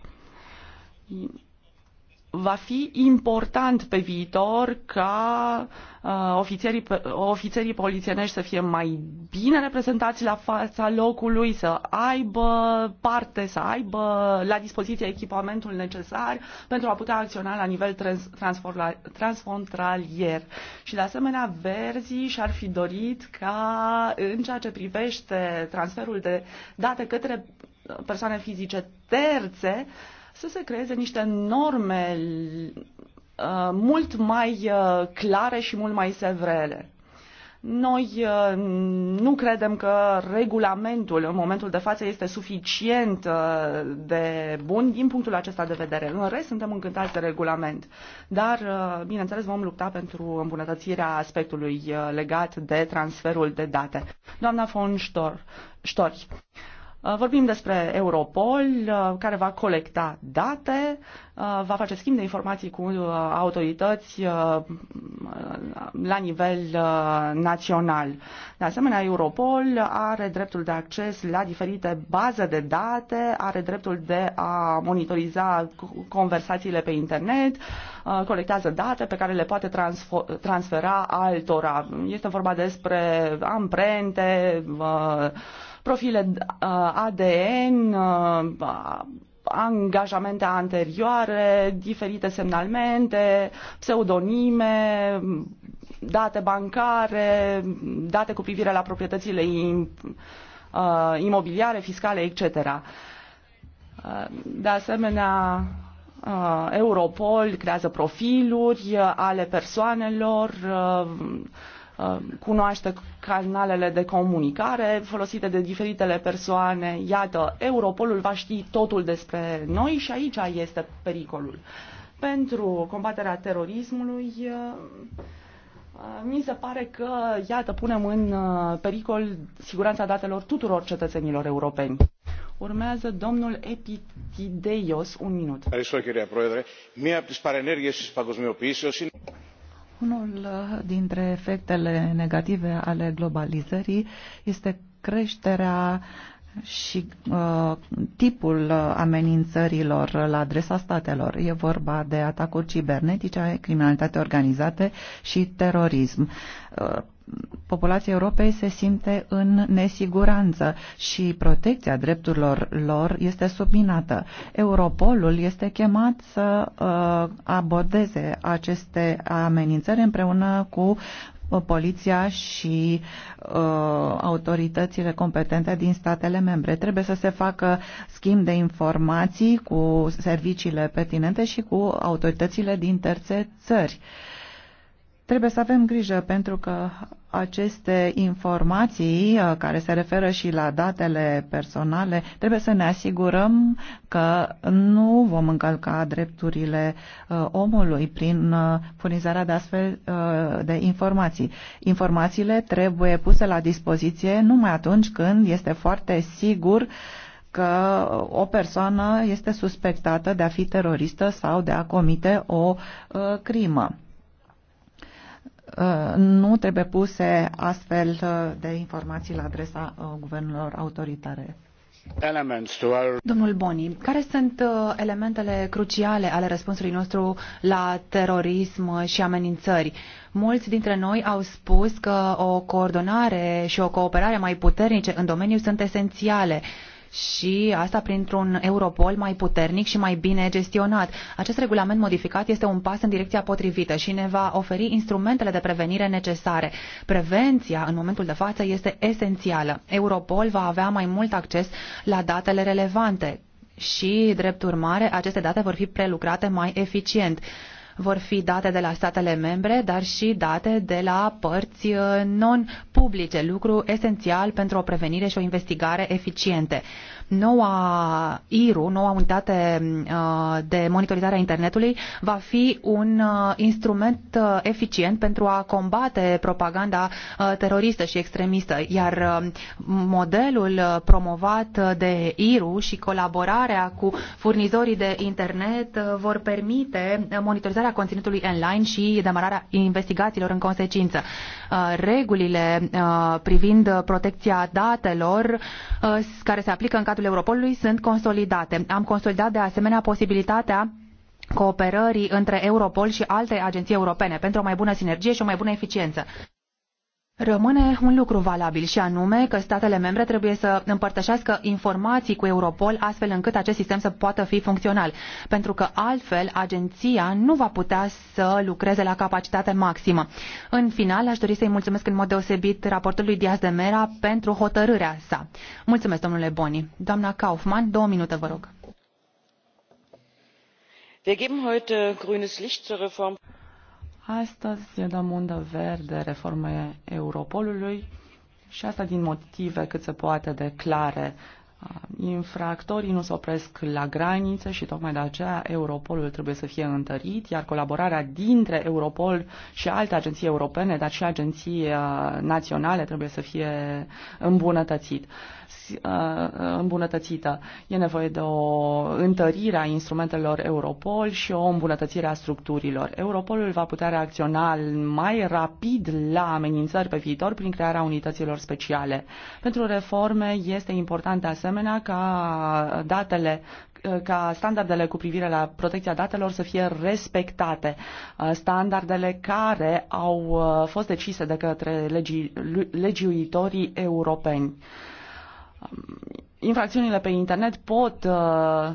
va fi important pe viitor ca uh, ofițerii, ofițerii polițienești să fie mai bine reprezentați la fața locului, să aibă parte, să aibă la dispoziție echipamentul necesar pentru a putea acționa la nivel trans, transfrontalier. Și de asemenea, verzii și-ar fi dorit ca în ceea ce privește transferul de date către persoane fizice terțe, uh, să se creeze niște norme uh, mult mai uh, clare și mult mai severe. Noi uh, nu credem că regulamentul în momentul de față este suficient de bun din punctul acesta de vedere. În rest, suntem încântați de regulament. Dar, bineînțeles, vom lupta pentru îmbunătățirea aspectului legat de transferul de date. Doamna von Stor, Uh, vorbim despre Europol, uh, care va colecta date, uh, va face schimb de informații cu autorități la nivel național. De asemenea, Europol are dreptul de acces la diferite baze de date, are dreptul de a monitoriza conversațiile pe internet, colectează date pe care le poate transfera altora. Este vorba despre amprente, profile uh, ADN, uh, angajamente anterioare, diferite semnalmente, pseudonime, date bancare, date cu privire la proprietățile uh, imobiliare, fiscale, etc. De asemenea, Europol creează profiluri ale persoanelor, Uh, cunoaște canalele de comunicare folosite de diferitele persoane. Iată, Europolul va ști totul despre noi și aici este pericolul. Pentru combaterea terorismului, uh, uh, mi se pare că, iată, punem în pericol siguranța datelor tuturor cetățenilor europeni. Urmează domnul Epitideios, un minut. Mulțumesc, unul uh, dintre efectele negative ale globalizării este creșterea și uh, tipul uh, amenințărilor la adresa statelor. E vorba de atacuri cibernetice, criminalitate organizată și terorism. Uh, populația Europei se simte în nesiguranță și protecția drepturilor lor este subminată. Europolul este chemat să uh, abordeze aceste amenințări împreună cu uh, poliția și uh, autoritățile competente din statele membre. Trebuie să se facă schimb de informații cu serviciile pertinente și cu autoritățile din terțe țări. Uh, Trebuie să avem grijă pentru că aceste informații uh, care se referă și la datele personale, trebuie să ne asigurăm că nu vom încălca drepturile uh, omului prin uh, furnizarea de astfel de informații. Informațiile trebuie puse la dispoziție numai atunci când este foarte sigur că o persoană este suspectată de a fi teroristă sau de a comite o crimă Uh, nu trebuie puse astfel uh, de informații la adresa uh, guvernelor autoritare. Domnul Boni, care sunt elementele cruciale ale răspunsului nostru la terorism și amenințări? Mulți dintre noi au spus că o coordonare și o cooperare mai puternice în domeniu sunt esențiale și asta printr-un Europol mai puternic și mai bine gestionat. Acest regulament modificat este un pas în direcția potrivită și ne va oferi instrumentele de prevenire necesare. Prevenția în momentul de față este esențială. Europol va avea mai mult acces la datele relevante și, drept urmare, aceste date vor fi prelucrate mai eficient. Vor fi date de la statele membre, dar și date de la părți uh, non-publice, lucru esențial pentru o prevenire și o investigare eficiente. Noua IRU, noua unitate uh, de monitorizare a internetului, va fi un uh, instrument uh, eficient pentru a combate propaganda teroristă și extremistă, iar modelul promovat de IRU și colaborarea cu furnizorii de internet vor permite monitorizarea conținutului online și demararea investigațiilor în consecință. Regulile privind protecția datelor care se aplică în cadrul mandatul Europolului sunt consolidate. Am consolidat de asemenea posibilitatea cooperării între Europol și alte agenții europene pentru o mai bună sinergie și o mai bună eficiență. Rămâne un lucru valabil și anume că statele membre trebuie să împărtășească informații cu Europol astfel încât acest sistem să poată fi funcțional, pentru că altfel agenția nu va putea să lucreze la capacitate maximă. În final, aș dori să-i mulțumesc în mod deosebit raportului Diaz de Mera pentru hotărârea sa. Mulțumesc, domnule Boni. Doamna Kaufmann, două minute, vă rog. Wir geben heute grünes Licht zur Reform. Astăzi dăm undă verde reforme Europolului și asta din motive cât se poate de clare. Uh, infractorii nu se opresc la granițe și tocmai de aceea Europolul trebuie să fie întărit, iar colaborarea dintre Europol și alte agenții europene, dar și agenții uh, naționale trebuie să fie îmbunătățit. Uh, uh, îmbunătățită. E nevoie de o întărire a instrumentelor Europol și o îmbunătățire a structurilor. Europolul va putea reacționa mai rapid la amenințări pe viitor prin crearea unităților speciale. Pentru reforme este important de asemenea ca datele uh, ca standardele cu privire la protecția datelor să fie respectate. Standardele care au fost decise de către legi, legiuitorii europeni infracțiunile pe internet pot uh,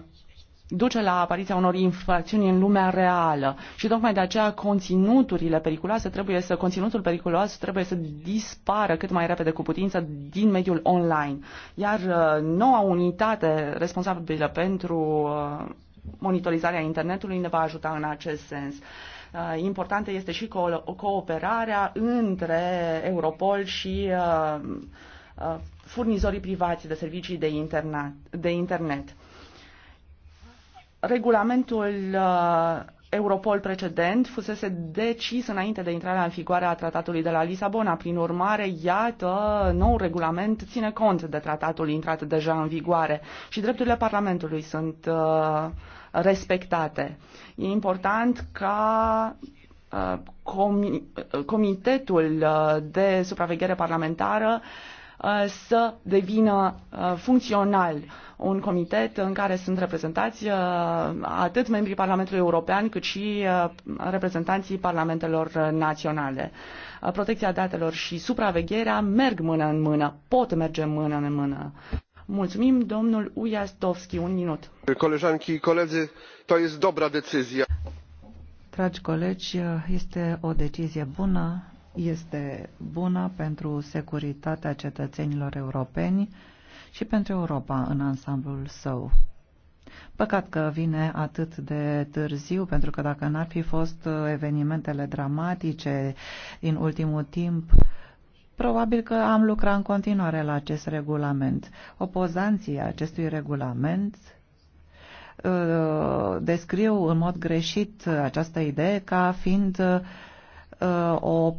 duce la apariția unor infracțiuni în lumea reală și tocmai de aceea conținuturile periculoase trebuie să, conținutul periculos trebuie să dispară cât mai repede cu putință din mediul online. Iar uh, noua unitate responsabilă pentru uh, monitorizarea internetului ne va ajuta în acest sens. Importantă este și cooperarea între Europol și uh, furnizorii privați de servicii de, internet. De internet. Regulamentul uh, Europol precedent fusese decis înainte de intrarea în vigoare a tratatului de la Lisabona. Prin urmare, iată, nou regulament ține cont de tratatul intrat deja în vigoare și drepturile Parlamentului sunt uh, respectate. E important ca uh, comi- uh, Comitetul uh, de Supraveghere Parlamentară uh, Uh, să devină uh, funcțional un comitet în care sunt reprezentați uh, atât membrii Parlamentului European cât și reprezentanții parlamentelor naționale. Protecția datelor și supravegherea merg mână în mână, pot merge mână în mână. Mulțumim, domnul Ujastovski, un minut. Koleżanki colegi, to jest dobra decyzja. Dragi colegi, este o decizie bună este bună pentru securitatea cetățenilor europeni și pentru Europa în ansamblul său. Păcat că vine atât de târziu, pentru că dacă n-ar fi fost evenimentele dramatice din ultimul timp, probabil că am lucrat în continuare la acest regulament. Opozanții acestui regulament uh, descriu în mod greșit această idee ca fiind uh, Uh, o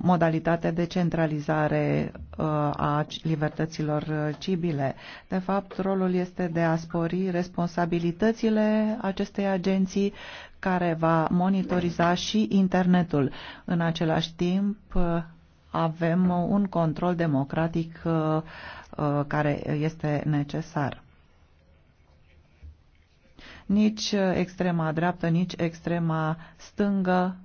modalitate de centralizare uh, a libertăților uh, civile. De fapt, rolul este de a spori responsabilitățile acestei agenții care va monitoriza și internetul. În același timp, avem un control democratic care este necesar nici extrema dreaptă, nici extrema stângă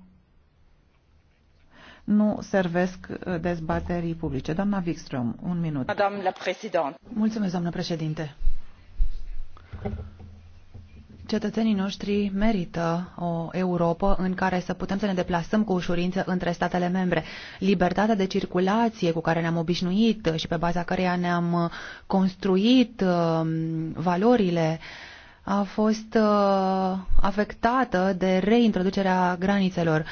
nu servesc uh, dezbaterii publice. Doamna Wikström, un minut. Mulțumesc, doamnă președinte. Cetățenii noștri merită o Europa în care să putem să ne deplasăm cu ușurință între statele membre. Libertatea de circulație cu care ne-am obișnuit și pe baza căreia ne-am construit um, valorile a fost uh, afectată de reintroducerea granițelor.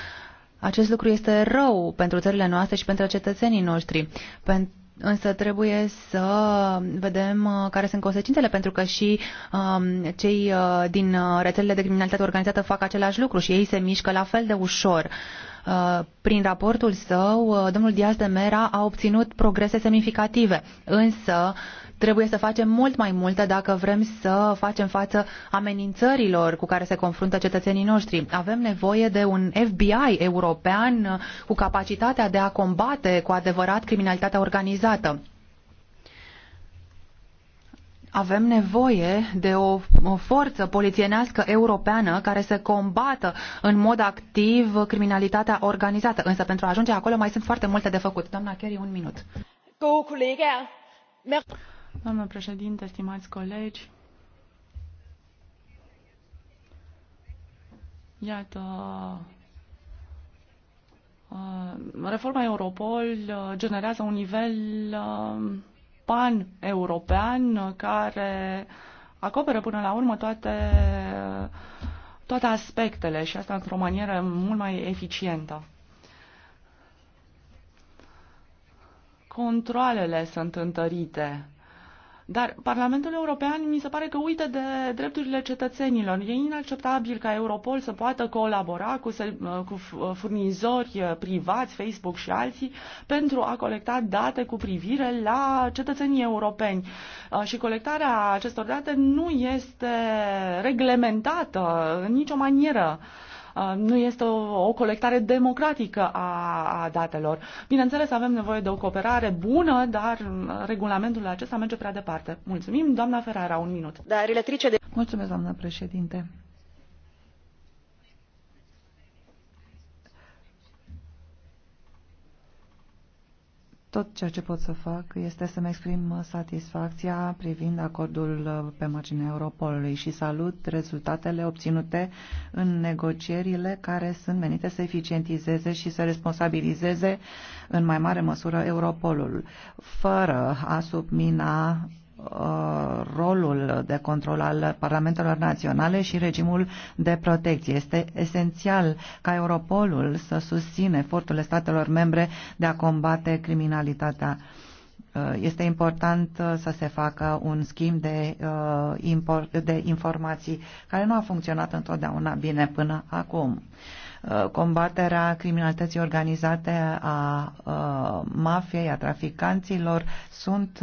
Acest lucru este rău pentru țările noastre și pentru cetățenii noștri. Pentru Însă trebuie să vedem uh, care sunt consecințele, pentru că și um, cei uh, din uh, rețelele de criminalitate organizată fac același lucru și ei se mișcă la fel de ușor. Uh, prin raportul său, uh, domnul Diaz de Mera a obținut progrese semnificative, însă uh, Trebuie să facem mult mai multe dacă vrem să facem față amenințărilor cu care se confruntă cetățenii noștri. Avem nevoie de un FBI european cu capacitatea de a combate cu adevărat criminalitatea organizată avem nevoie de o, o forță polițienească europeană care să combată în mod activ criminalitatea organizată. Însă pentru a ajunge acolo mai sunt foarte multe de făcut. Doamna Kerry, un minut. Doamnă președinte, stimați colegi, iată, uh, reforma Europol uh, generează un nivel uh, pan-european care acoperă până la urmă toate, toate aspectele și asta într-o manieră mult mai eficientă. Controlele sunt întărite dar Parlamentul European mi se pare că uită de drepturile cetățenilor. E inacceptabil ca Europol să poată colabora cu, cu furnizori eh, privați, Facebook și alții, pentru a colecta date cu privire la cetățenii europeni. Eh, și colectarea acestor date nu este reglementată în nicio manieră. Uh, nu este o, o colectare democratică a, a datelor. Bineînțeles, avem nevoie de o cooperare bună, dar uh, regulamentul acesta merge prea departe. Mulțumim, doamna Ferrara, un minut. Da, relatrice de... Mulțumesc, doamna președinte. Tot ceea ce pot să fac este să-mi exprim satisfacția privind acordul uh, pe marginea Europolului și salut rezultatele obținute în negocierile care sunt menite să eficientizeze și să responsabilizeze în mai mare măsură Europolul, fără a submina Uh, rolul de control al parlamentelor naționale și regimul de protecție. Este esențial ca Europolul să susțină eforturile statelor membre de a combate criminalitatea. Uh, este important uh, să se facă un schimb de, de informații care nu a funcționat întotdeauna bine până acum combaterea criminalității organizate a mafiei, a traficanților sunt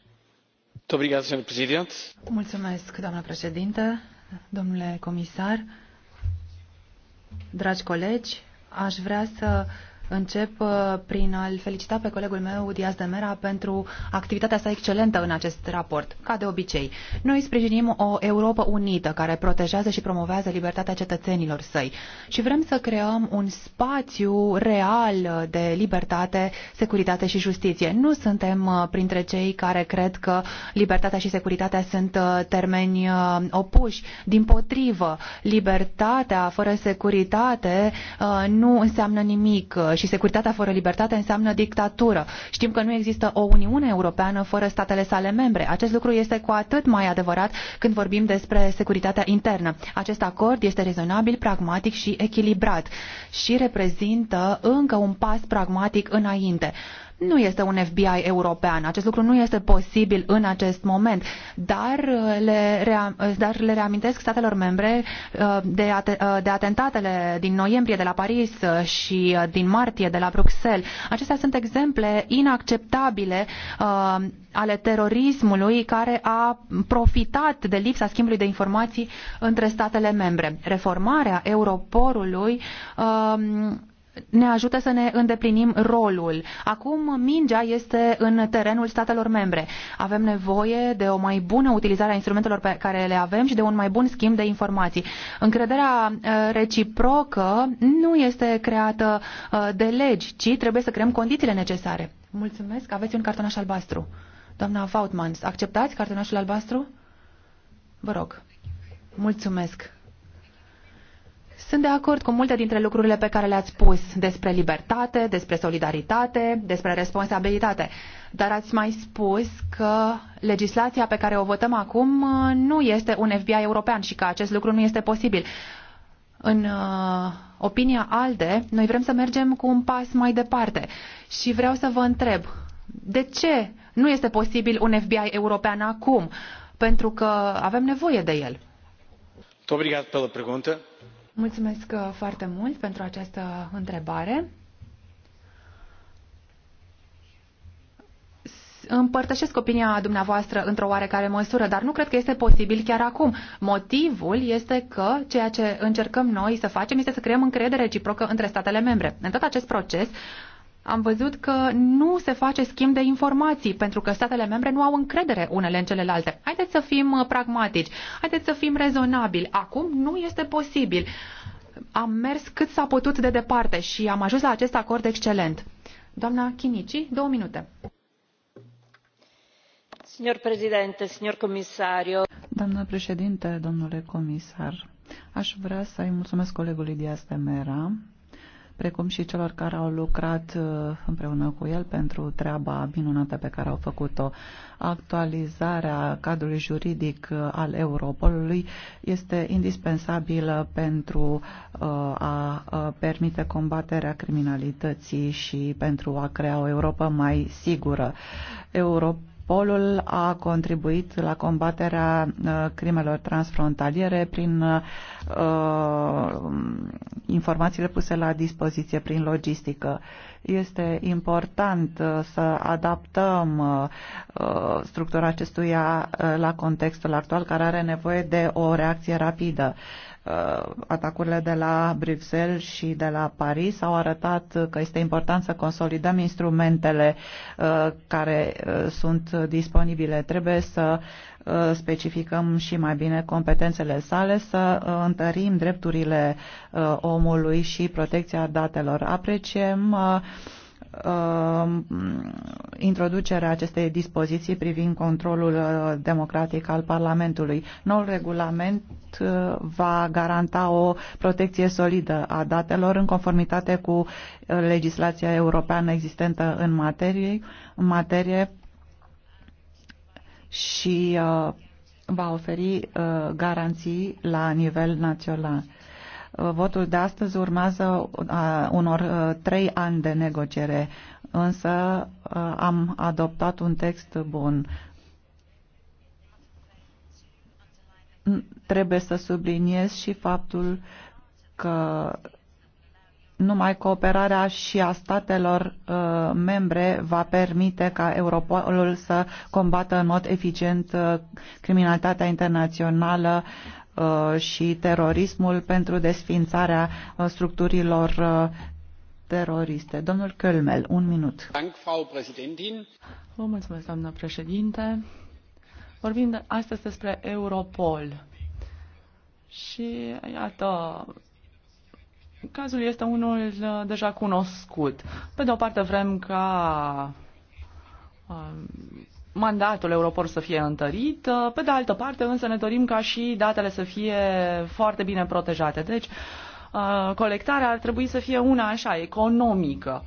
Mulțumesc, doamnă președinte, domnule comisar, dragi colegi, aș vrea să Încep uh, prin a-l felicita pe colegul meu, Diaz de Mera, pentru activitatea sa excelentă în acest raport, ca de obicei. Noi sprijinim o Europa unită care protejează și promovează libertatea cetățenilor săi și vrem să creăm un spațiu real de libertate, securitate și justiție. Nu suntem uh, printre cei care cred că libertatea și securitatea sunt uh, termeni opuși. Din potrivă, libertatea fără securitate nu înseamnă nimic și securitatea fără libertate înseamnă dictatură. Știm că nu există o Uniune Europeană fără statele sale membre. Acest lucru este cu atât mai adevărat când vorbim despre securitatea internă. Acest acord este rezonabil, pragmatic și echilibrat și reprezintă încă un pas pragmatic înainte nu este un FBI european. Acest lucru nu este posibil în acest moment, dar uh, le, rea, uh, dar le reamintesc statelor membre uh, de, ate, de atentatele din noiembrie de la Paris și din martie de la Bruxelles. Acestea sunt exemple inacceptabile ale terorismului care a profitat de lipsa schimbului de informații între statele membre. Reformarea Europorului ne ajută să ne îndeplinim rolul. Acum mingea este în terenul statelor membre. Avem nevoie de o mai bună utilizare a instrumentelor pe care le avem și de un mai bun schimb de informații. Încrederea uh, reciprocă nu este creată uh, de legi, ci trebuie să creăm condițiile necesare. Mulțumesc, aveți un cartonaș albastru. Doamna Vautmans, acceptați cartonașul albastru? Vă rog. Mulțumesc. Sunt de acord cu multe dintre lucrurile pe care le-ați spus despre libertate, despre solidaritate, despre responsabilitate, dar ați mai spus că legislația pe care o votăm acum uh, nu este un FBI european și că acest lucru nu este posibil. În uh, opinia ALDE, noi vrem să mergem cu un pas mai departe și vreau să vă întreb, de ce nu este posibil un FBI european acum? Pentru că avem nevoie de el. Obrigado pela pergunta. Mulțumesc uh, foarte mult pentru această întrebare. împărtășesc opinia dumneavoastră într-o oarecare măsură, dar nu cred că este posibil chiar acum. Motivul este că ceea ce încercăm noi să facem este să creăm încredere reciprocă între statele membre. În tot acest proces, am văzut că nu se face schimb de informații pentru că statele membre nu au încredere unele în celelalte. Haideți să fim uh, pragmatici, haideți să fim rezonabili. Acum nu este posibil. Am mers cât s-a putut de departe și am ajuns la acest acord excelent. Doamna Chinici, două minute. Signor președinte, signor comisario. Doamna președinte, domnule comisar, aș vrea să-i mulțumesc colegului Diaz Temera precum și celor care au lucrat uh, împreună cu el pentru treaba minunată pe care au făcut-o. Actualizarea cadrului juridic uh, al Europolului este indispensabilă pentru uh, a permite combaterea criminalității și pentru a crea o Europa mai sigură. Europa Polul a contribuit la combaterea uh, crimelor transfrontaliere prin uh, um, informațiile puse la dispoziție, prin logistică. Este important uh, să adaptăm structura acestuia la contextul actual, care are nevoie de o reacție rapidă. Uh, atacurile de la Bruxelles și de la Paris au arătat că este important să consolidăm instrumentele uh, care uh, sunt disponibile. Trebuie să specificăm și mai bine competențele sale, să întărim drepturile omului și protecția datelor. Apreciem uh, Um, introducerea acestei dispoziții privind controlul uh, democratic al Parlamentului. Noul regulament uh, va garanta o protecție solidă a datelor în conformitate cu uh, legislația europeană existentă în materie, în materie și va oferi garanții la nivel național Votul de astăzi urmează unor trei ani de negociere, însă am adoptat un text bun. Trebuie să subliniez și faptul că numai cooperarea și a statelor uh, membre va permite ca Europolul să combată în mod eficient uh, criminalitatea internațională uh, Uh, și terorismul pentru desfințarea uh, structurilor uh, teroriste. Domnul Kölmel, un minut. Vă mulțumesc, doamnă președinte. Vorbim astăzi despre Europol. Și, iată, cazul este unul deja cunoscut. Pe de o parte vrem ca mandatul Europol să fie întărit. Uh, pe de altă parte, însă ne dorim ca și datele să fie foarte bine protejate. Deci, uh, colectarea ar trebui să fie una așa, economică.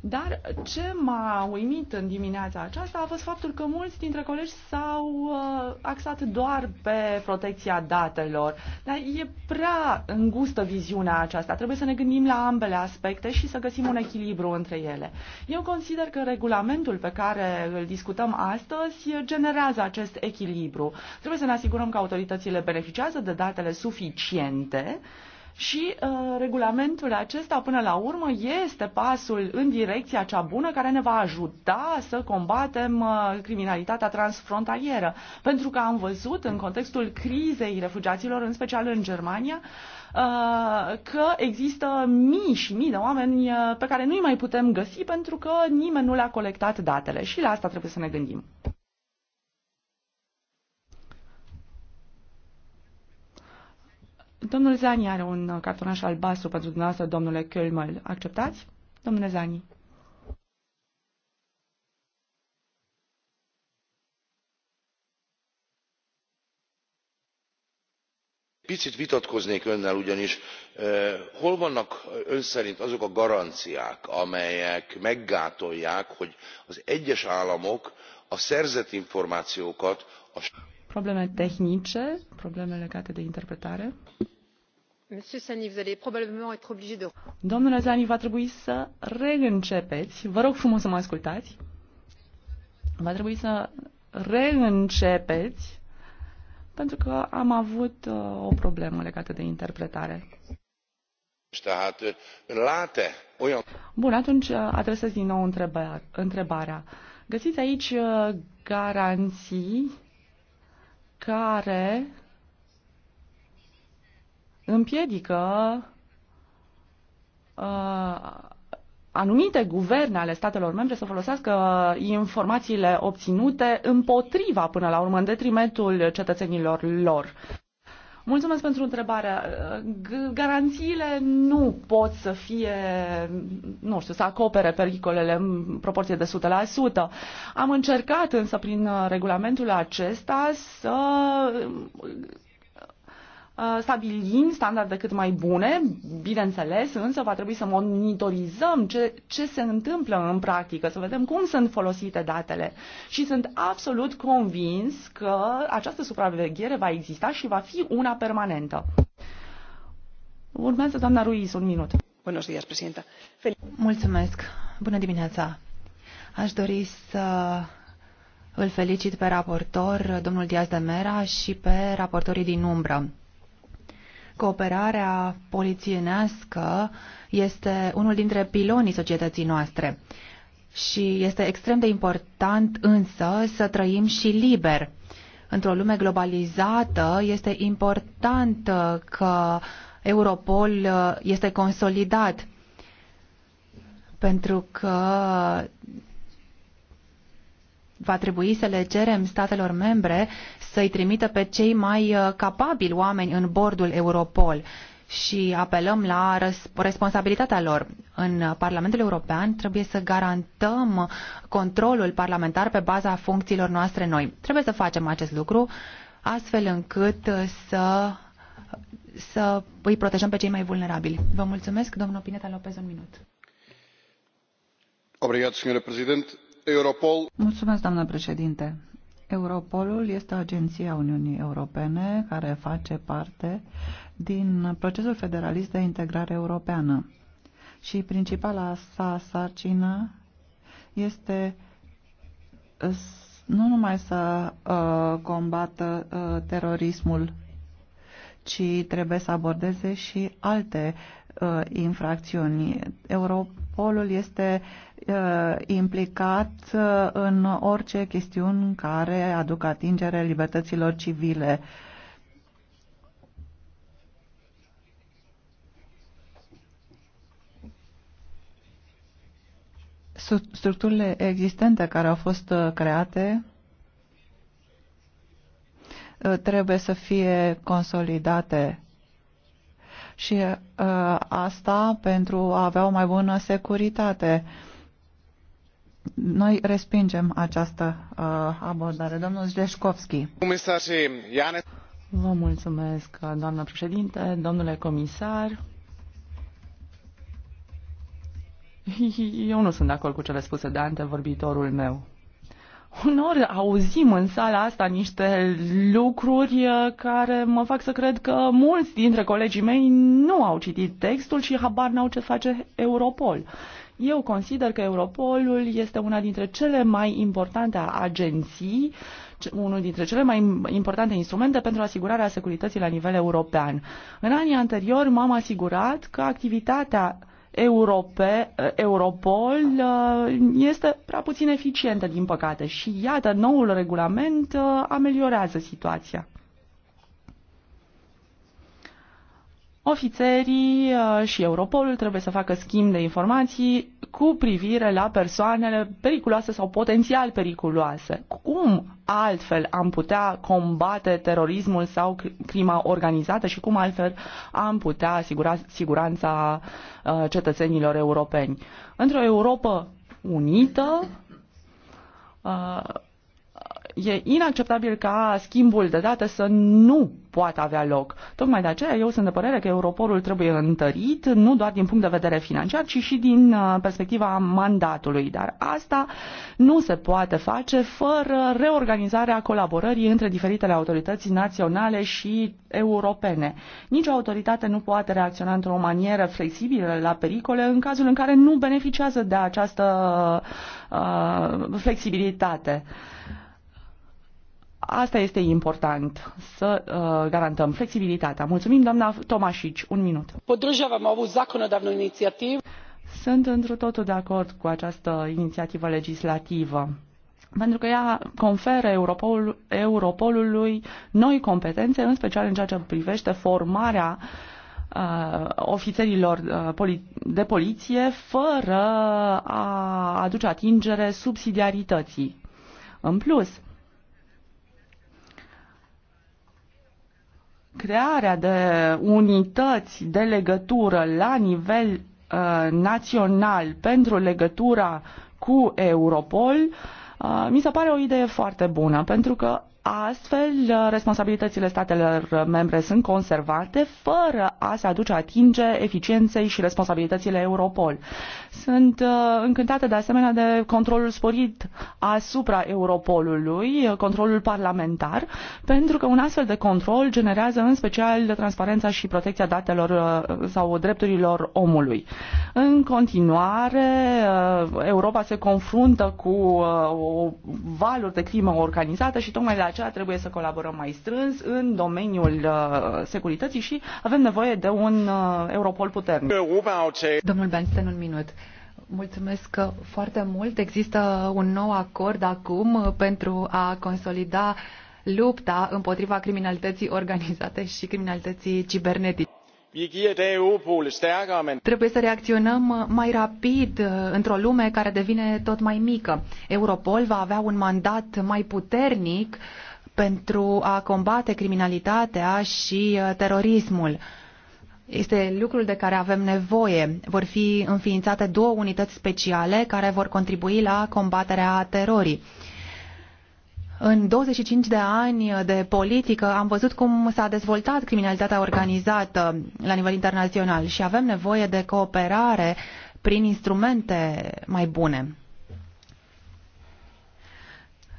Dar ce m-a uimit în dimineața aceasta a fost faptul că mulți dintre colegi s-au uh, axat doar pe protecția datelor. Dar e prea îngustă viziunea aceasta. Trebuie să ne gândim la ambele aspecte și să găsim un echilibru între ele. Eu consider că regulamentul pe care îl discutăm astăzi generează acest echilibru. Trebuie să ne asigurăm că autoritățile beneficiază de datele suficiente uh, și uh, regulamentul acesta, până la urmă, este pasul în direcția cea bună care ne va ajuta să combatem uh, criminalitatea transfrontalieră. Pentru că am văzut în contextul crizei refugiaților, în special în Germania, uh, că există mii și mii de oameni uh, pe care nu-i mai putem găsi pentru că nimeni nu le-a colectat datele. Și la asta trebuie să ne gândim. Domnul Zani are un cartonaș albastru pentru dumneavoastră, domnule Kölmel. Acceptați? Domnule Zani. picit vitatkoznék önnel ugyanis hol vannak ön szerint azok a garanciák amelyek meggátolják hogy az egyes államok a szerzett információkat a probleme tehnice, probleme legate de interpretare. Domnule Zani, va trebui să reîncepeți. Vă rog frumos să mă ascultați. Va trebui să reîncepeți pentru că am avut uh, o problemă legată de interpretare. Bun, atunci uh, adresez din nou întrebarea. Găsiți aici uh, garanții care împiedică uh, anumite guverne ale statelor membre să folosească uh, informațiile obținute împotriva, până la urmă, în detrimentul cetățenilor lor. Mulțumesc pentru întrebarea. Garanțiile nu pot să fie, nu știu, să acopere pericolele în proporție de 100%. Am încercat însă prin regulamentul acesta să Uh, stabilim standarde cât mai bune, bineînțeles, însă va trebui să monitorizăm ce, ce se întâmplă în practică, să vedem cum sunt folosite datele. Și sunt absolut convins că această supraveghere va exista și va fi una permanentă. Urmează doamna Ruiz, un minut. Bună ziua, președinte. Mulțumesc. Bună dimineața. Aș dori să îl felicit pe raportor, domnul Diaz de Mera, și pe raportorii din umbră. Cooperarea polițienească este unul dintre pilonii societății noastre și este extrem de important însă să trăim și liber. Într-o lume globalizată este important uh, că Europol uh, este consolidat pentru că va trebui să le cerem statelor membre să-i trimită pe cei mai uh, capabili oameni în bordul Europol și apelăm la responsabilitatea lor. În Parlamentul European trebuie să garantăm controlul parlamentar pe baza funcțiilor noastre noi. Trebuie să facem acest lucru astfel încât să, să îi protejăm pe cei mai vulnerabili. Vă mulțumesc, domnul Pineta Lopez, un minut. Obrigat, domnule președinte. Europol. Mulțumesc, doamnă președinte. Europolul este o agenție a Uniunii Europene care face parte din procesul federalist de integrare europeană și principala sa sarcină este nu numai să uh, combată uh, terorismul, ci trebuie să abordeze și alte uh, infracțiuni. Europolul este uh, Uh, implicat uh, în orice chestiuni care aduc atingere libertăților civile. Structurile existente care au fost uh, create trebuie să fie consolidate și asta pentru a avea o mai bună securitate. Noi respingem această uh, abordare. Domnul Zdeșkovski. Vă mulțumesc, doamnă președinte, domnule comisar. Eu nu sunt de acord cu cele spuse de antevorbitorul meu. Unor auzim în sala asta niște lucruri uh, care mă fac să cred că mulți dintre colegii mei nu au citit textul și habar n-au ce face Europol. Eu consider că Europolul este una dintre cele mai importante agenții, unul dintre cele mai importante instrumente pentru asigurarea securității la nivel european. În anii anteriori m-am asigurat că activitatea Europe, Europol uh, este prea puțin eficientă, din păcate, și iată, noul regulament uh, ameliorează situația. ofițerii uh, și Europolul trebuie să facă schimb de informații cu privire la persoanele periculoase sau potențial periculoase. Cum altfel am putea combate terorismul sau crima organizată și cum altfel am putea asigura siguranța uh, cetățenilor europeni? Într-o Europa unită, uh, e inacceptabil ca schimbul de date să nu poată avea loc. Tocmai de aceea eu sunt de părere că Europolul trebuie întărit, nu doar din punct de vedere financiar, ci și din uh, perspectiva mandatului. Dar asta nu se poate face fără reorganizarea colaborării între diferitele autorități naționale și europene. Nici o autoritate nu poate reacționa într-o manieră flexibilă la pericole în cazul în care nu beneficiază de această uh, flexibilitate. Uh, Asta este important, să uh, garantăm flexibilitatea. Mulțumim, doamna Tomașici. Un minut. Podržavam ovu zakonodavnu inițiativă. Sunt într totul de acord cu această inițiativă legislativă pentru că ea conferă Europol, Europolului noi competențe, în special în ceea ce privește formarea uh, ofițerilor uh, poli- de poliție, fără a aduce atingere subsidiarității. În plus, crearea de unități de legătură la nivel uh, național pentru legătura cu Europol uh, mi se pare o idee foarte bună, pentru că Astfel, responsabilitățile statelor membre sunt conservate fără a se aduce atinge eficienței și responsabilitățile Europol. Sunt uh, încântată de asemenea de controlul sporit asupra Europolului, controlul parlamentar, pentru că un astfel de control generează în special transparența și protecția datelor uh, sau drepturilor omului. În continuare, uh, Europa se confruntă cu valuri de crimă organizată și tocmai la aceea trebuie să colaborăm mai strâns în domeniul uh, securității și avem nevoie de un uh, Europol puternic. Domnul Benstein, un minut. Mulțumesc foarte mult. Există un nou acord acum pentru a consolida lupta împotriva criminalității organizate și criminalității cibernetice. Trebuie să reacționăm mai rapid uh, într-o lume care devine tot mai mică. Europol va avea un mandat mai puternic uh, pentru a combate criminalitatea și uh, terorismul. Este lucrul de care avem nevoie. Vor fi înființate două unități speciale care vor contribui la combaterea terorii. În 25 de ani de politică am văzut cum s-a dezvoltat criminalitatea organizată la nivel internațional și avem nevoie de cooperare prin instrumente mai bune.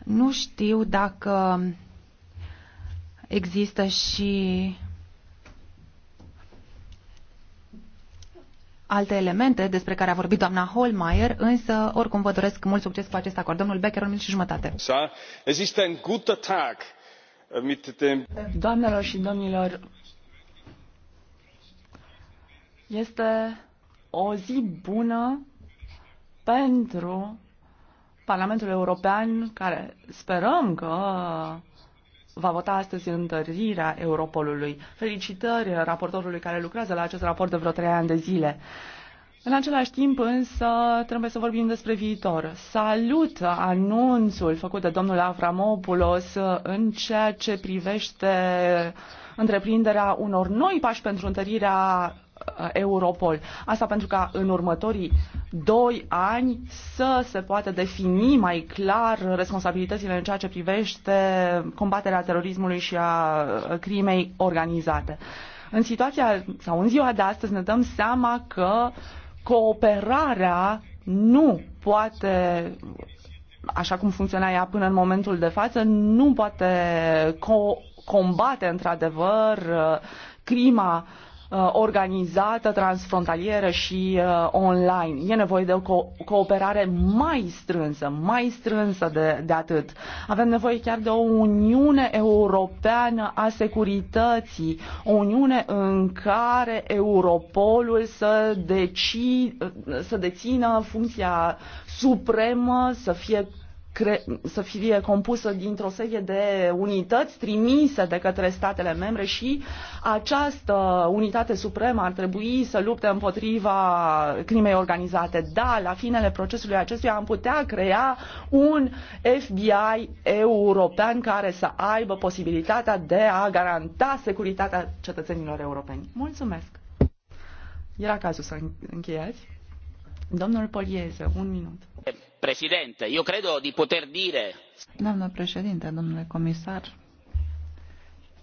Nu știu dacă Există și alte elemente despre care a vorbit doamna Holmeier, însă oricum vă doresc mult succes cu acest acord. Domnul Becker, un minut și jumătate. Eh, Doamnelor și domnilor, este o zi bună pentru Parlamentul European, care sperăm că va vota astăzi întărirea Europolului. Felicitări raportorului care lucrează la acest raport de vreo trei ani de zile. În același timp, însă, trebuie să vorbim despre viitor. Salut anunțul făcut de domnul Avramopoulos în ceea ce privește întreprinderea unor noi pași pentru întărirea Uh, Europol. Asta pentru ca în următorii doi ani să se poată defini mai clar responsabilitățile în ceea ce privește combaterea terorismului și a uh, crimei organizate. În situația sau în ziua de astăzi ne dăm seama că cooperarea nu poate așa cum funcționa ea până în momentul de față, nu poate co- combate într-adevăr uh, crima uh, Uh, organizată, transfrontalieră și uh, online. E nevoie de o co- cooperare mai strânsă, mai strânsă de, de atât. Avem nevoie chiar de o Uniune Europeană a Securității, o Uniune în care Europolul să, deci, uh, să dețină funcția supremă, să fie să fie compusă dintr-o serie de unități trimise de către statele membre și această unitate supremă ar trebui să lupte împotriva crimei organizate. Da, la finele procesului acestuia am putea crea un FBI european care să aibă posibilitatea de a garanta securitatea cetățenilor europeni. Mulțumesc! Era cazul să încheiați. Domnul Polieze, un minut președinte eu cred de poter dire. doamnă președinte domnule comisar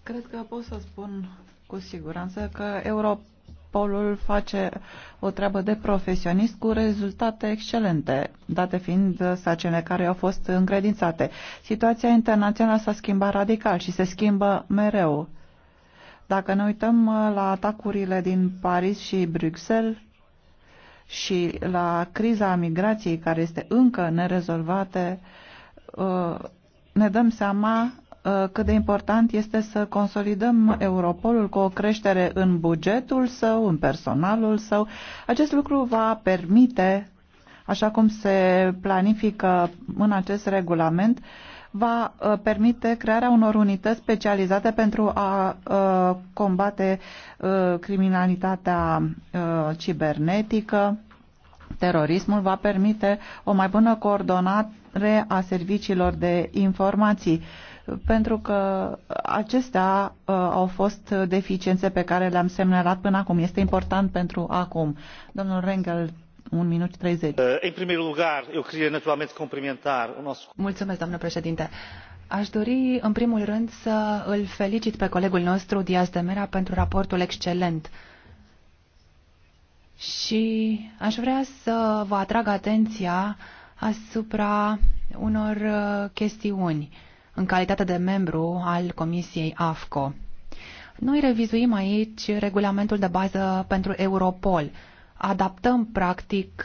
cred că pot să spun cu siguranță că europolul face o treabă de profesionist cu rezultate excelente date fiind sarcinile care au fost încredințate. situația internațională s a schimbat radical și se schimbă mereu. dacă ne uităm uh, la atacurile din paris și bruxelles și la criza migrației care este încă nerezolvată uh, ne dăm seama uh, cât de important este să consolidăm Europolul cu o creștere în bugetul său, în personalul său. Acest lucru va permite, așa cum se planifică în acest regulament, uh, va uh, permite crearea unor unități specializate pentru a uh, combate uh, criminalitatea cibernetică. Terorismul va permite o mai bună coordonare a serviciilor de informații pentru că acestea uh, au fost deficiențe pe care le-am semnalat până acum. Este important pentru acum. Domnul Rengel domnule eh, În primul eu președinte. Aș dori, în primul rând, să îl felicit pe colegul nostru, Diaz de Mera, pentru raportul excelent. Și aș vrea să vă atrag atenția asupra unor eh, chestiuni în calitate de membru al Comisiei AFCO. Noi revizuim aici regulamentul de bază pentru Europol adaptăm practic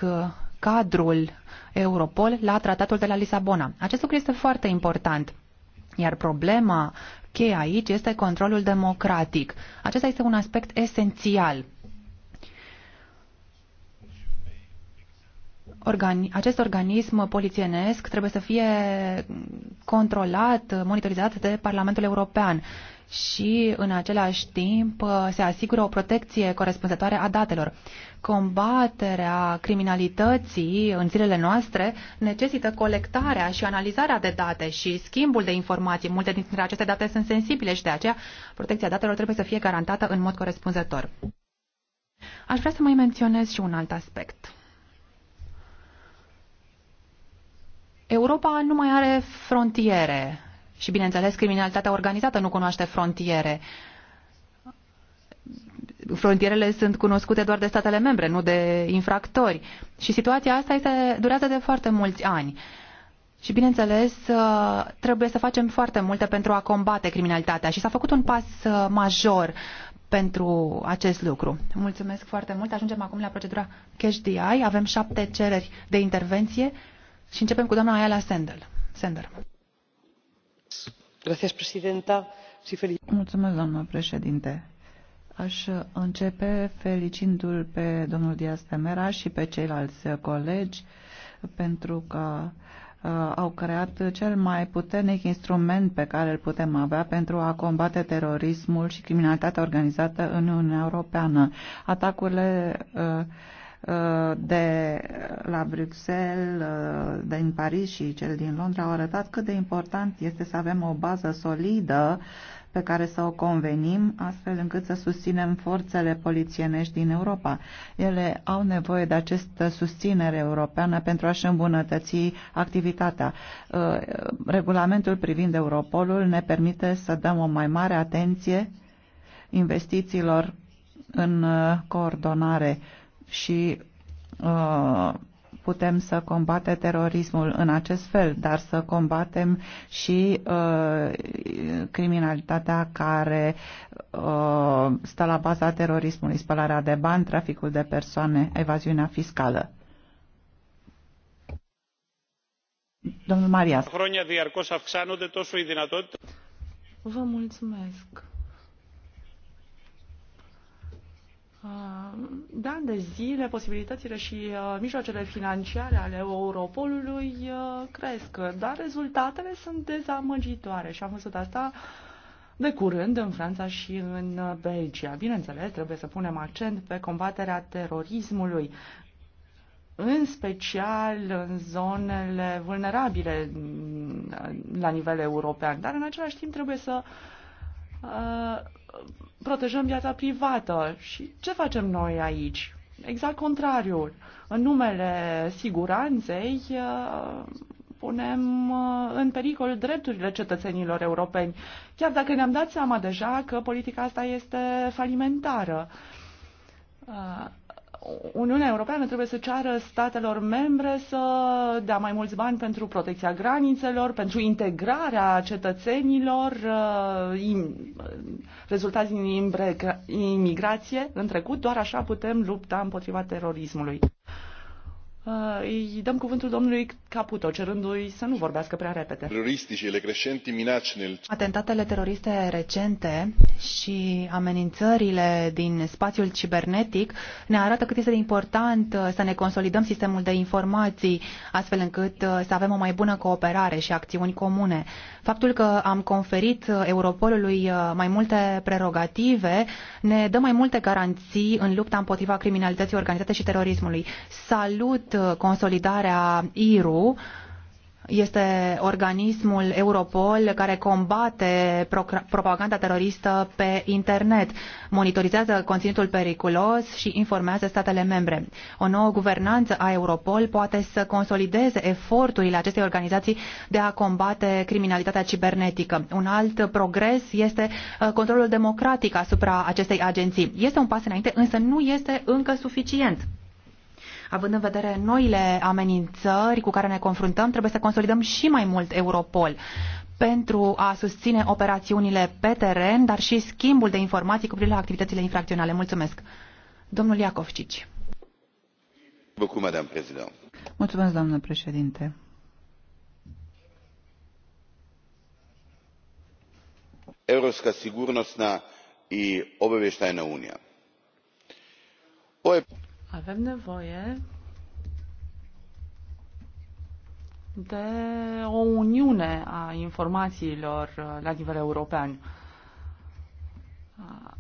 cadrul Europol la tratatul de la Lisabona. Acest lucru este foarte important. Iar problema cheie aici este controlul democratic. Acesta este un aspect esențial. Organi acest organism polițienesc trebuie să fie controlat, monitorizat de Parlamentul European și, în același timp, se asigură o protecție corespunzătoare a datelor. Combaterea criminalității în zilele noastre necesită colectarea și analizarea de date și schimbul de informații. Multe dintre aceste date sunt sensibile și de aceea protecția datelor trebuie să fie garantată în mod corespunzător. Aș vrea să mai menționez și un alt aspect. Europa nu mai are frontiere și, bineînțeles, criminalitatea organizată nu cunoaște frontiere. Frontierele sunt cunoscute doar de statele membre, nu de infractori. Și situația asta este, durează de foarte mulți ani. Și, bineînțeles, ă, trebuie să facem foarte multe pentru a combate criminalitatea și s-a făcut un pas ă, major pentru acest lucru. Mulțumesc foarte mult. Ajungem acum la procedura Cash DI. Avem șapte cereri de intervenție și începem cu doamna Ayala Sender. Sender. Mulțumesc, doamnă președinte. Aș începe felicitându l pe domnul Diaz Temera și pe ceilalți colegi pentru că uh, au creat cel mai puternic instrument pe care îl putem avea pentru a combate terorismul și criminalitatea organizată în Uniunea Europeană. Atacurile uh, Uh, de la Bruxelles, uh, din Paris și cel din Londra au arătat cât de important este să avem o bază solidă pe care să o convenim, astfel încât să susținem forțele polițienești din Europa. Ele au nevoie de această susținere europeană pentru a-și îmbunătăți activitatea. Uh, regulamentul privind Europolul ne permite să dăm o mai mare atenție investițiilor în coordonare și uh, putem să combate terorismul în acest fel, dar să combatem și uh, criminalitatea care uh, stă la baza terorismului, spălarea de bani, traficul de persoane, evaziunea fiscală. Domnul Marias. Vă mulțumesc. Uh, de ani de zile posibilitățile și uh, mijloacele financiare ale Europolului uh, cresc, dar rezultatele sunt dezamăgitoare și am văzut asta de curând în Franța și în Belgia. Bineînțeles, trebuie să punem accent pe combaterea terorismului, în special în zonele vulnerabile mm, la nivel european, dar în același timp trebuie să uh, protejăm viața privată. Și ce facem noi aici? Exact contrariul. În numele siguranței uh, punem uh, în pericol drepturile cetățenilor europeni, chiar dacă ne-am dat seama deja că politica asta este falimentară. Uh, Uniunea Europeană trebuie să ceară statelor membre să dea mai mulți bani pentru protecția granițelor, pentru integrarea cetățenilor uh, rezultați din imigrație în trecut. Doar așa putem lupta împotriva terorismului. Uh, îi dăm cuvântul domnului Caputo, cerându-i să nu vorbească prea repede. Atentatele teroriste recente și amenințările din spațiul cibernetic ne arată cât este de important uh, să ne consolidăm sistemul de informații, astfel încât uh, să avem o mai bună cooperare și acțiuni comune. Faptul că am conferit Europolului mai multe prerogative ne dă mai multe garanții în lupta împotriva criminalității organizate și terorismului. Salut urmărit uh, consolidarea IRU, este organismul Europol care combate propaganda teroristă pe internet, monitorizează conținutul periculos și informează statele membre. O nouă guvernanță a Europol poate să consolideze eforturile acestei organizații de a combate criminalitatea cibernetică. Un alt progres este uh, controlul democratic asupra acestei agenții. Este un pas înainte, însă nu este încă suficient. Având în vedere noile amenințări cu care ne confruntăm, trebuie să consolidăm și mai mult Europol pentru a susține operațiunile pe teren, dar și schimbul de informații cu privire la activitățile infracționale. Mulțumesc. Domnul Iacovcici. Mulțumesc, doamnă președinte. europska sigurnosna i obavještajna unija. Avem nevoie de o uniune a informațiilor uh, la nivel european. Uh,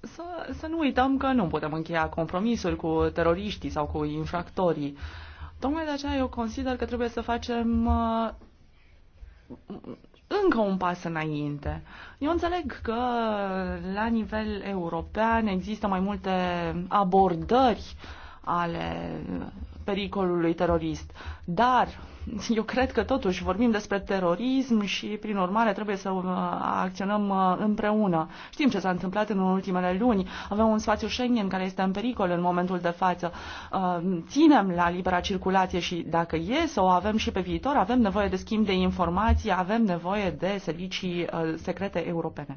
să, să nu uităm că nu putem încheia compromisul cu teroriștii sau cu infractorii. Tocmai de aceea eu consider că trebuie să facem uh, încă un pas înainte. Eu înțeleg că la nivel european există mai multe abordări ale pericolului terorist. Dar eu cred că totuși vorbim despre terorism și, prin urmare, trebuie să uh, acționăm uh, împreună. Știm ce s-a întâmplat în ultimele luni. Avem un spațiu Schengen care este în pericol în momentul de față. Uh, ținem la libera circulație și, dacă e să o avem și pe viitor, avem nevoie de schimb de informații, avem nevoie de servicii secrete europene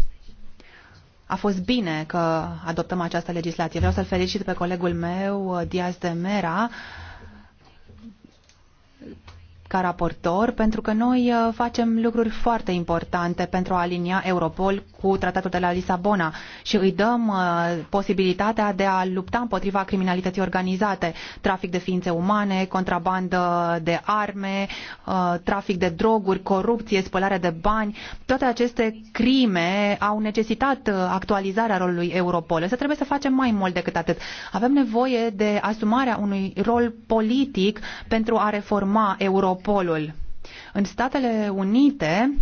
a fost bine că adoptăm această legislație. Vreau să-l felicit pe colegul meu, Diaz de Mera, uh, ca raportor, pentru că noi uh, facem lucruri foarte importante pentru a alinia Europol cu tratatul de la Lisabona și îi dăm uh, posibilitatea de a lupta împotriva criminalității organizate, trafic de ființe umane, contrabandă de arme, uh, trafic de droguri, corupție, spălare de bani. Toate aceste crime au necesitat actualizarea rolului Europol. Să trebuie să facem mai mult decât atât. Avem nevoie de asumarea unui rol politic pentru a reforma Europol monopolul. În Statele Unite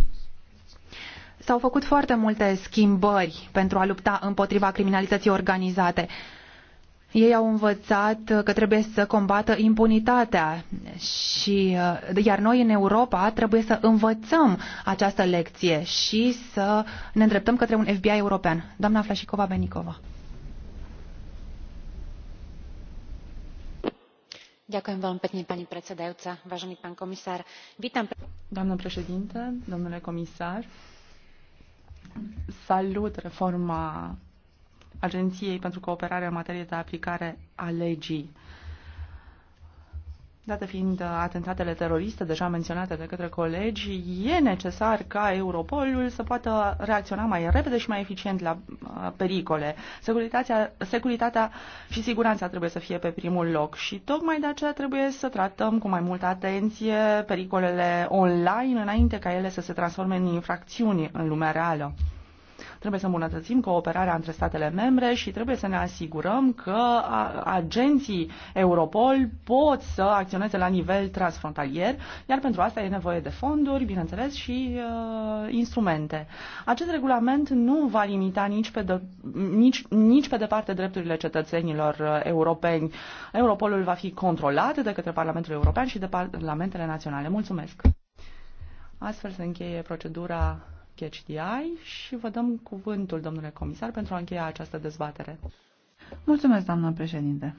s-au făcut foarte multe schimbări pentru a lupta împotriva criminalității organizate. Ei au învățat că trebuie să combată impunitatea și uh, iar noi în Europa trebuie să învățăm această lecție și să ne îndreptăm către un FBI european. Doamna Flașicova Benicova. doamnă președintă domnule comisar salut reforma agenției pentru cooperare în materie de aplicare a legii. Dată fiind uh, atentatele teroriste deja menționate de către colegi, e necesar ca Europolul să poată reacționa mai repede și mai eficient la uh, pericole. Securitatea, securitatea și siguranța trebuie să fie pe primul loc și tocmai de aceea trebuie să tratăm cu mai multă atenție pericolele online înainte ca ele să se transforme în infracțiuni în lumea reală. Trebuie să îmbunătățim cooperarea între statele membre și trebuie să ne asigurăm că agenții Europol pot să acționeze la nivel transfrontalier, iar pentru asta e nevoie de fonduri, bineînțeles, și uh, instrumente. Acest regulament nu va limita nici pe, de, nici, nici pe departe drepturile cetățenilor uh, europeni. Europolul va fi controlat de către Parlamentul European și de parlamentele naționale. Mulțumesc! Astfel se încheie procedura Catch și vă dăm cuvântul, domnule comisar, pentru a încheia această dezbatere. Mulțumesc, doamnă președinte.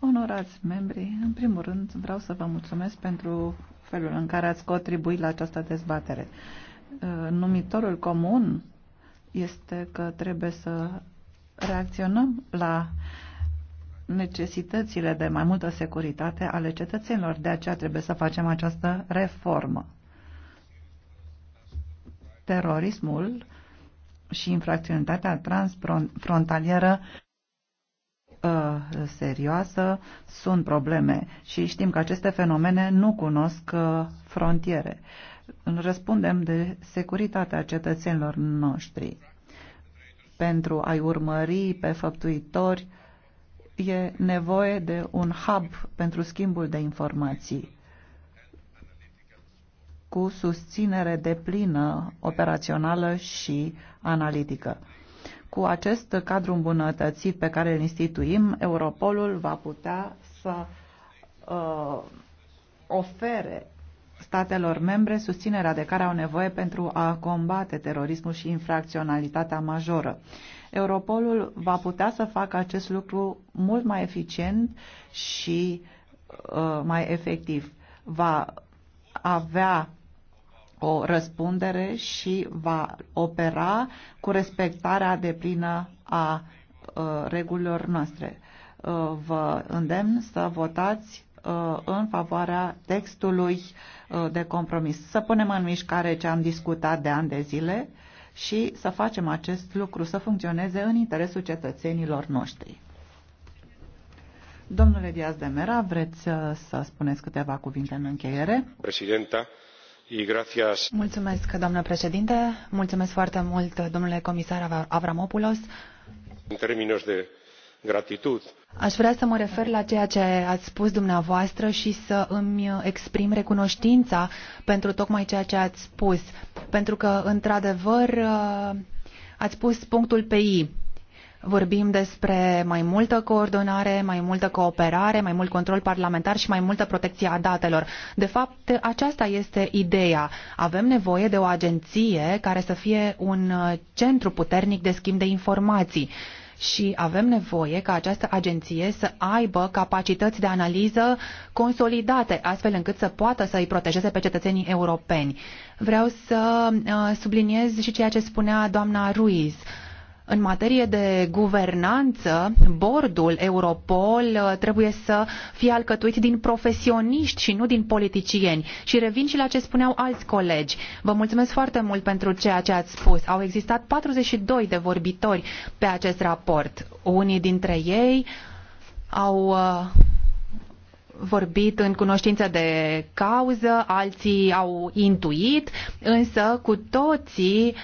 Onorați membri, în primul rând vreau să vă mulțumesc pentru felul în care ați contribuit la această dezbatere. Uh, numitorul comun este că trebuie să reacționăm la necesitățile de mai multă securitate ale cetățenilor. De aceea trebuie să facem această reformă terorismul și infracționalitatea transfrontalieră uh, serioasă sunt probleme și știm că aceste fenomene nu cunosc uh, frontiere. Răspundem de securitatea cetățenilor noștri. Pentru a-i urmări pe făptuitori e nevoie de un hub pentru schimbul de informații cu susținere deplină operațională și analitică. Cu acest cadru îmbunătățit pe care îl instituim, Europolul va putea să uh, ofere statelor membre susținerea de care au nevoie pentru a combate terorismul și infracționalitatea majoră. Europolul va putea să facă acest lucru mult mai eficient și uh, mai efectiv. Va avea o răspundere și va opera cu respectarea deplină a uh, regulilor noastre. Uh, vă îndemn să votați uh, în favoarea textului de compromis. Să punem în mișcare ce am discutat de ani de zile și să facem acest lucru să funcționeze în interesul cetățenilor noștri. Domnule Diaz de Mera, vreți să spuneți câteva cuvinte în încheiere? Președinta, Mulțumesc, doamnă președinte. Mulțumesc foarte mult, domnule comisar Avramopoulos. În termeni de Aș vrea să mă refer la ceea ce ați spus dumneavoastră și să îmi exprim recunoștința pentru tocmai ceea ce ați spus. Pentru că, într-adevăr, ați pus punctul pe I Vorbim despre mai multă coordonare, mai multă cooperare, mai mult control parlamentar și mai multă protecție a datelor. De fapt, aceasta este ideea. Avem nevoie de o agenție care să fie un centru puternic de schimb de informații și avem nevoie ca această agenție să aibă capacități de analiză consolidate, astfel încât să poată să îi protejeze pe cetățenii europeni. Vreau să uh, subliniez și ceea ce spunea doamna Ruiz. În materie de guvernanță, bordul Europol uh, trebuie să fie alcătuit din profesioniști și nu din politicieni. Și revin și la ce spuneau alți colegi. Vă mulțumesc foarte mult pentru ceea ce ați spus. Au existat 42 de vorbitori pe acest raport. Unii dintre ei au uh, vorbit în cunoștință de cauză, alții au intuit, însă cu toții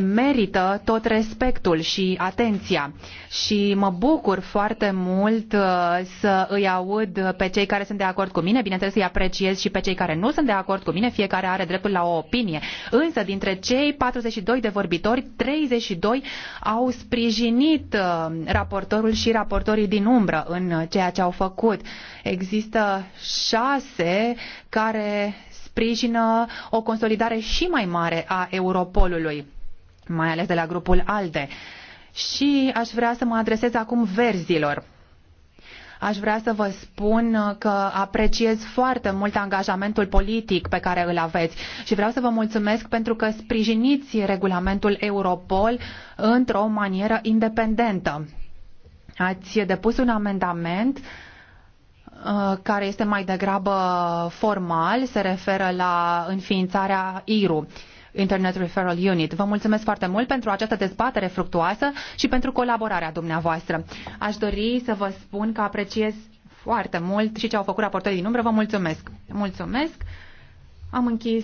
merită tot respectul și atenția și mă bucur foarte mult uh, să îi aud pe cei care sunt de acord cu mine, bineînțeles îi apreciez și pe cei care nu sunt de acord cu mine, fiecare are dreptul la o opinie. Însă dintre cei 42 de vorbitori, 32 au sprijinit uh, raportorul și raportorii din umbră în ceea ce au făcut. Există șase care sprijină o consolidare și mai mare a Europolului mai ales de la grupul ALDE. Și aș vrea să mă adresez acum verzilor. Aș vrea să vă spun că apreciez foarte mult angajamentul politic pe care îl aveți și vreau să vă mulțumesc pentru că sprijiniți regulamentul Europol într-o manieră independentă. Ați depus un amendament uh, care este mai degrabă formal, se referă la înființarea IRU. Internet Referral Unit. Vă mulțumesc foarte mult pentru această dezbatere fructuoasă și pentru colaborarea dumneavoastră. Aș dori să vă spun că apreciez foarte mult și ce au făcut raportorii din umbră. Vă mulțumesc. Mulțumesc. Am închis